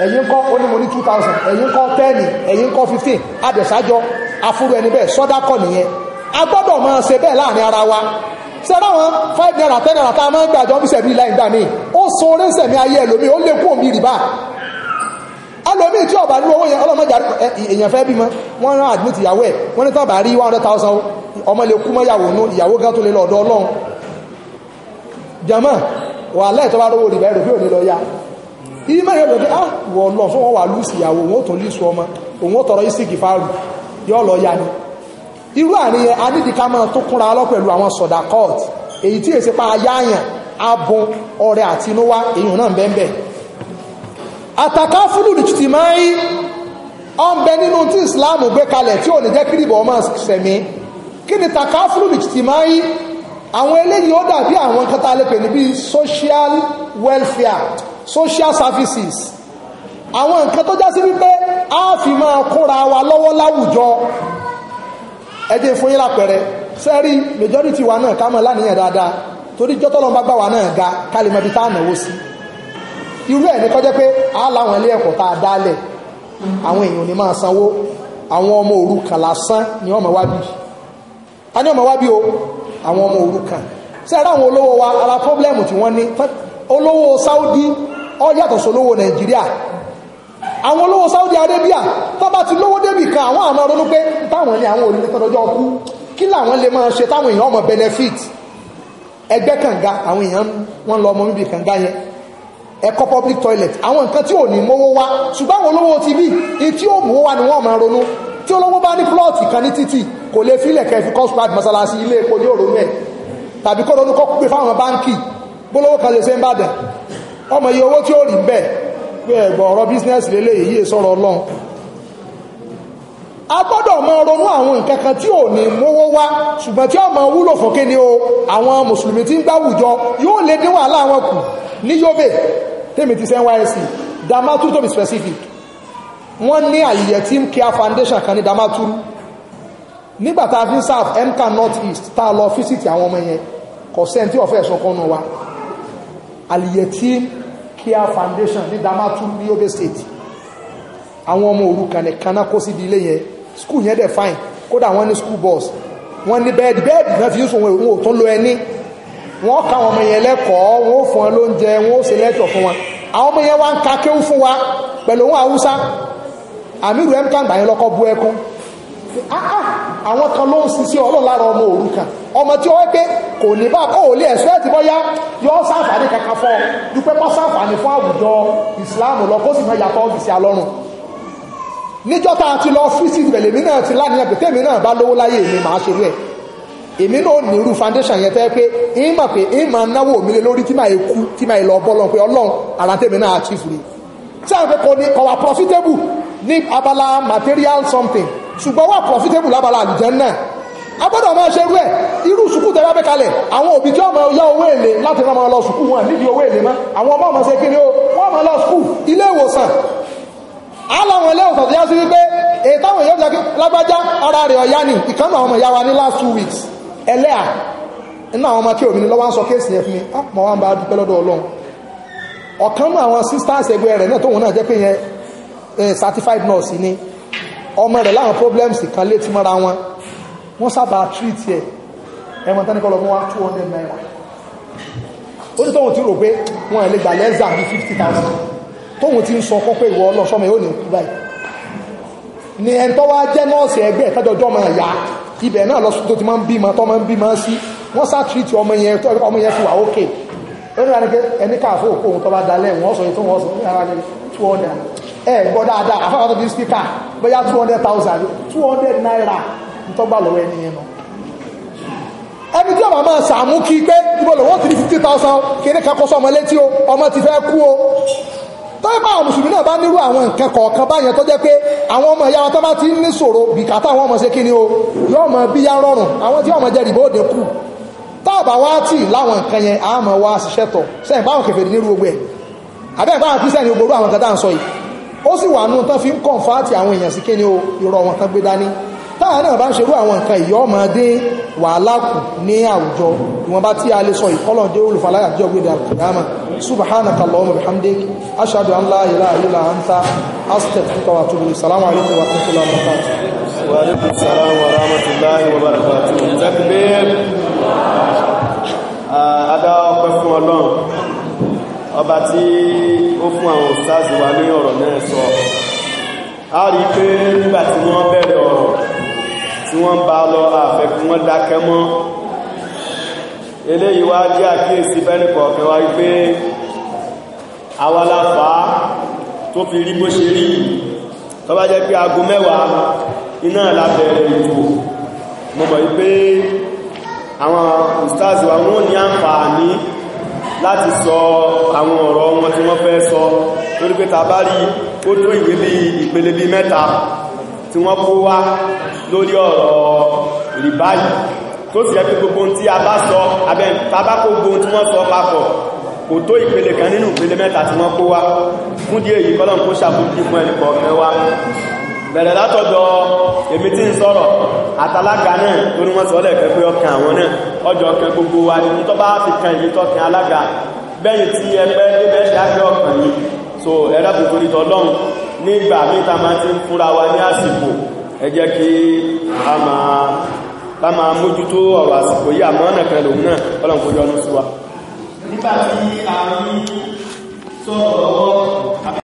ẹ̀yin kọ́ ó ní mo ní two thousand ẹ̀yin kọ́ ten ẹ̀yin kọ́ fifteen adẹ̀sájọ́ afúrú ẹni bẹ́ẹ̀ sọ́dá kọ́ nìyẹn a gbọ́dọ̀ máa ṣe bẹ́ẹ̀ láàrin ara wa sẹ́rà wọn five naira ten naira tá a máa ń gbàjọ́ bí sẹ̀mí láì dá mi ó so orí sẹ̀mí ayé ẹlòmíì ó lè kú òmí rìbá ẹlòmíì tí ọba ní owó yẹn ọlọ́mọdé èèyàn fẹ́ bímọ wọ́n rán àdúgbò tìyàwó ẹ̀ wọ́n ní tọ́ba rí one hundred thousand ọmọ lè kú mọ́ ìyàwó nú ìyàwó gan tó lè lọ́dọ̀ ọlọ́run jama wà lẹ́ẹ̀tọ́ bá rówó ìbẹ̀rù bí ò ní lọ ya ìmọ̀ ìyàwó pé ah wọ̀ lọ fún wọn wà lùsì ìyàwó òun ó tún lùsù ọmọ òun ó ni irú àníyàn adídìká máa tó kúnra lọ pẹ̀lú àwọn sọ̀dà court èyí tí èsì pa ayáyàn abun ọrẹ máa ń bẹ nínú tí ìsìláàmù gbé kalẹ̀ tí ò ní jẹ́ kírìbọ̀ ọmọ sẹ̀mí kí ni takafulu ijtimai àwọn eléyìí ó dàbí àwọn kan tá a social welfare social services àwọn nǹkan tó já sí wípé a fi máa kóra wa lọ́wọ́ láwùjọ ẹ jẹ́ lápẹẹrẹ sẹ́rí majority wa náà ká mọ̀ láníyàn dáadáa torí jọ́tọ́lọ́mbà gbà wa náà ga ká lè mọ ibi tá à náwó sí irú ẹ̀ ní kọjá pé a láwọn ilé ẹ̀kọ́ tá a dálẹ̀ àwọn èèyàn ò ní máa sanwó àwọn ọmọ òrukàn lásán ni wọ́n mọ̀ wá bíi a ní ọmọ wá bí o àwọn ọmọ kan sí ara àwọn olówó wa ara pọ́blẹ́mù tí wọ́n ní olówó Saudi ó yàtọ̀ sí olówó Nàìjíríà àwọn olówó Saudi Arabia tó bá ti lówó débì kan àwọn àmọ́ ronú pé táwọn ní àwọn òrìlẹ̀ tọ́jọ́ kú kí làwọn lè máa ṣe táwọn èèyàn ọmọ benefit ẹgbẹ́ kànga àwọn èèyàn wọ́n lọ ọmọ bíbí kànga yẹn ẹ̀kọ́ public toilet àwọn nǹkan tí ò ní mówó wá ṣùgbọ́n àwọn olówó ti bí i tí ó mówó wá ni wọ́n máa ronú tí olówó bá ní plọ́ọ̀tì kan ní títì kò lè fílẹ̀ kẹfì kọ́sùpáàdì mọ́sálásí ilé epo ní òrónú ẹ̀ tàbí kó ronú kó pè fáwọn báńkì gbólówó kan lè ṣe ń bàdàn ọmọ iye owó tí ó rí bẹ́ẹ̀ pé ẹ̀gbọ́n ọ̀rọ̀ bísínẹ́sì lélẹ́yìí yìí sọ̀rọ̀ ọlọ́run a gbọ́dọ̀ mọ ronú àwọn nǹkan kan tí ò ní mówó wá ṣùgbọ́n tí ọmọ wúlò fún kí ni o àwọn mùsùlùmí tí ń gbáwùjọ yóò lè dín wàhálà wọn kù ní Yobe tèmi ti sẹ́ NYSC dàmátú to be specific wọ́n ní àyíyẹ Team Care foundation kan ní damaturu nígbà tá a fi ń serve mka north east tá a lọ fíṣítì àwọn ọmọ yẹn kò sẹ́ni tí ọ̀fẹ́ ẹ̀sọ́ kan náà wa àyíyẹ tí ń kíá foundation ní damaturu ní Yobe state àwọn ọmọ òrukàn nìkan náà kó síbi ilé yẹn school yẹn dẹ̀ fine kódà wọ́n ní school bus wọ́n ní bẹ́ẹ̀dì bẹ́ẹ̀dì náà fi ń sùn wọn ò tún lo ẹni wọ́n ká àwọn ọmọ yẹn lẹ́kọ̀ọ́ wọ́n ó fún wọn lóúnjẹ wọ́n ó ṣe lẹ́tọ̀ fún wọn àwọn ọmọ yẹn wá ń ka kéwú fún wa pẹ̀lú òun Haúsá àmìrù mkan gbà yẹn lọ́kọ́ bú ẹkún ah, ah, àwọn kan ló ń ṣiṣẹ́ ọlọ́lára ọmọ òrukàn ọmọ tí ó wẹ́ pé kò ní bá kó òlé ẹ̀sùn ẹ̀ ti bọ́yá yọ sáǹfààní kankan fọ́ dúpẹ́ mọ́ sáǹfààní fún àwùjọ ìsìláàmù lọ kó sì mọ́ yàtọ̀ ọ́fíìsì alọ́run níjọ́ tá a ti lọ fíìsì ìbẹ̀lẹ̀ mi náà ti láníyàn pé tèmi náà bá lówó láyé èmi màá ṣerú ẹ̀ èmi náà ní irú foundation yẹn tẹ́ pé ń mọ̀ pé ń máa náwó mi lé lórí tí máa kú tí máa lọ bọ́ lọ́n pé ọlọ́run àrà tèmi náà achieve rẹ̀ sáà pé kò ní kò wà profitable ní abala material something ṣùgbọ́n wà profitable lábala àlùjànnà a gbọ́dọ̀ máa ṣe irú ẹ̀ irú sùkú tẹ́lá bẹ́ kalẹ̀ àwọn òbí tí ọmọ yá owó èlé láti rán ọmọ lọ sùkú wọn nídìí owó èlé mọ́ àwọn ọmọ ọmọ ṣe kiri o wọ́n máa lọ sùkú ilé ìwòsàn aláwọn ilé ìwòsàn tó yá sí wípé èyí táwọn èèyàn jẹ́ lágbájá ara rẹ̀ ọ̀yá ni ìkànnà ọmọ ìyá wa ní last two weeks ẹlẹ́à iná àwọn ọmọ kí òmìnir lọ́wọ́ ń sọ kéèsì yẹn fún mi ah, mọ̀ wá ń bá dúpẹ́ lọ́dọ̀ Ọlọ́run ọ̀kan mú àwọn sisters ẹgbẹ́ rẹ̀ náà tóun náà jẹ́ pé yẹn Eh, certified nurse ni ọmọ rẹ̀ láwọn problems kan létí mọ́ra wọn wọ́n sábà treat ẹ̀ ẹ̀wọ̀n tán ní kọlọ̀ fún wa two hundred naira ó ní tóun ti rò pé wọn ẹ̀ lè gbà lẹ́sà bíi fifty thousand tóun ti ń sọ kọ́ pé ìwọ ọlọ́sọ́mọ yóò ní kú báyìí ni ẹni tó wá jẹ́ nọ́ọ̀sì ẹgbẹ́ ìtọ́jọ́jọ́ máa yá ibẹ̀ náà lọ sí tó ti máa ń bímọ tó máa ń bímọ sí wọ́n sá treat ọmọ yẹn tó ọmọ yẹn fi wà ókè ó ní wà ní pé ẹni káàfó òkú òun tó bá dalẹ̀ wọ́n sọ yìí tó wọ́n sọ ní ara ní two hundred ẹ gbọ́ dáadáa àfáwọn tó fi spíkà bóyá two hundred thousand two hundred naira ntọ́gbà lọ́wọ́ ẹni yẹn lọ. ẹni tí ọba máa sàmú kí pé ibo lòwọ́ ti di fifty thousand kéré kan o ọmọ ti fẹ́ kú o tọ́jú pé àwọn mùsùlùmí náà bá nírú àwọn nǹkan kọ̀ọ̀kan báyẹn tó jẹ́ pé àwọn ọmọ o yóò mọ bí yá rọrùn àwọn tí ọmọ jẹ ó sì wà nù tán fi ń kọ̀nfàtì àwọn èèyàn sí kéde o irọ́ wọn tán gbé dání táwọn náà bá ń ṣerú àwọn nǹkan ìyọ́ ọmọdé wàhálà kù ní àwùjọ ìwọ̀nba tí a lè sọ ìkọlọ̀ dé olùfàlàyà jọ gbé dàrú kìyàmà subhanaka allahumma bihamdik ashhadu an la ilaha illa anta astaghfiruka wa atubu ilayk assalamu alaykum wa wa barakatuh wa alaykum ọba tí ó fún àwọn òsáàsì wa ní ọ̀rọ̀ náà sọ a rí pé nígbà tí wọ́n bẹ̀rẹ̀ ọ̀rọ̀ tí wọ́n bá lọ àfẹ́ kí wọ́n dákẹ́ mọ́ eléyìí wá jẹ́ àkíyèsí bẹ́nìkọ̀ ọ̀fẹ́ wá wípé awalafa tó fi rí bó ṣe rí tó bá jẹ́ pé aago mẹ́wàá iná lábẹ̀rẹ̀ ètò mọ̀mọ̀ wípé àwọn òsáàsì wa wọ́n ní àǹfààní láti sọ àwọn ọ̀rọ̀ wọn tí wọ́n fẹ́ sọ torí pé tàbá rí ó tó ìwé bí ìpele bí mẹ́ta tí wọ́n kó wá lórí ọ̀rọ̀ rìbá yìí tó sì ẹ́ pé gbogbo tí a bá sọ abẹ́ tàbá kó gbogbo tí wọ́n sọ papọ̀ kò tó ìpele kan nínú ìpele mẹ́ta tí wọ́n kó wá fún díẹ̀ yìí kọ́lọ̀ kó ṣàbójú fún ẹnìkọ̀ọ̀kẹ́ wá bẹ̀rẹ̀ látọ̀dọ̀ èmi tí ń sọ̀rọ̀ àtàlága náà tó ní wọ́n sọ́lẹ̀ kẹ́ pé ọkàn àwọn náà ọjọ́ ọkàn gbogbo wa ní tó bá fi kan ìyí tọ́kàn alága bẹ́yìn tí ẹgbẹ́ níbẹ̀ ṣe ágbẹ́ ọkàn yìí so ẹ̀rẹ́bù torí tọ́lọ́run nígbà mẹ́ta máa ti ń fúnra wa ní àsìkò ẹ jẹ́ kí a máa mójútó ọ̀rọ̀ àsìkò yìí àmọ́ ọ̀nà kan lòun náà ọlọ́run kó yọ́nú sí wa nígbà tí a sọ̀rọ̀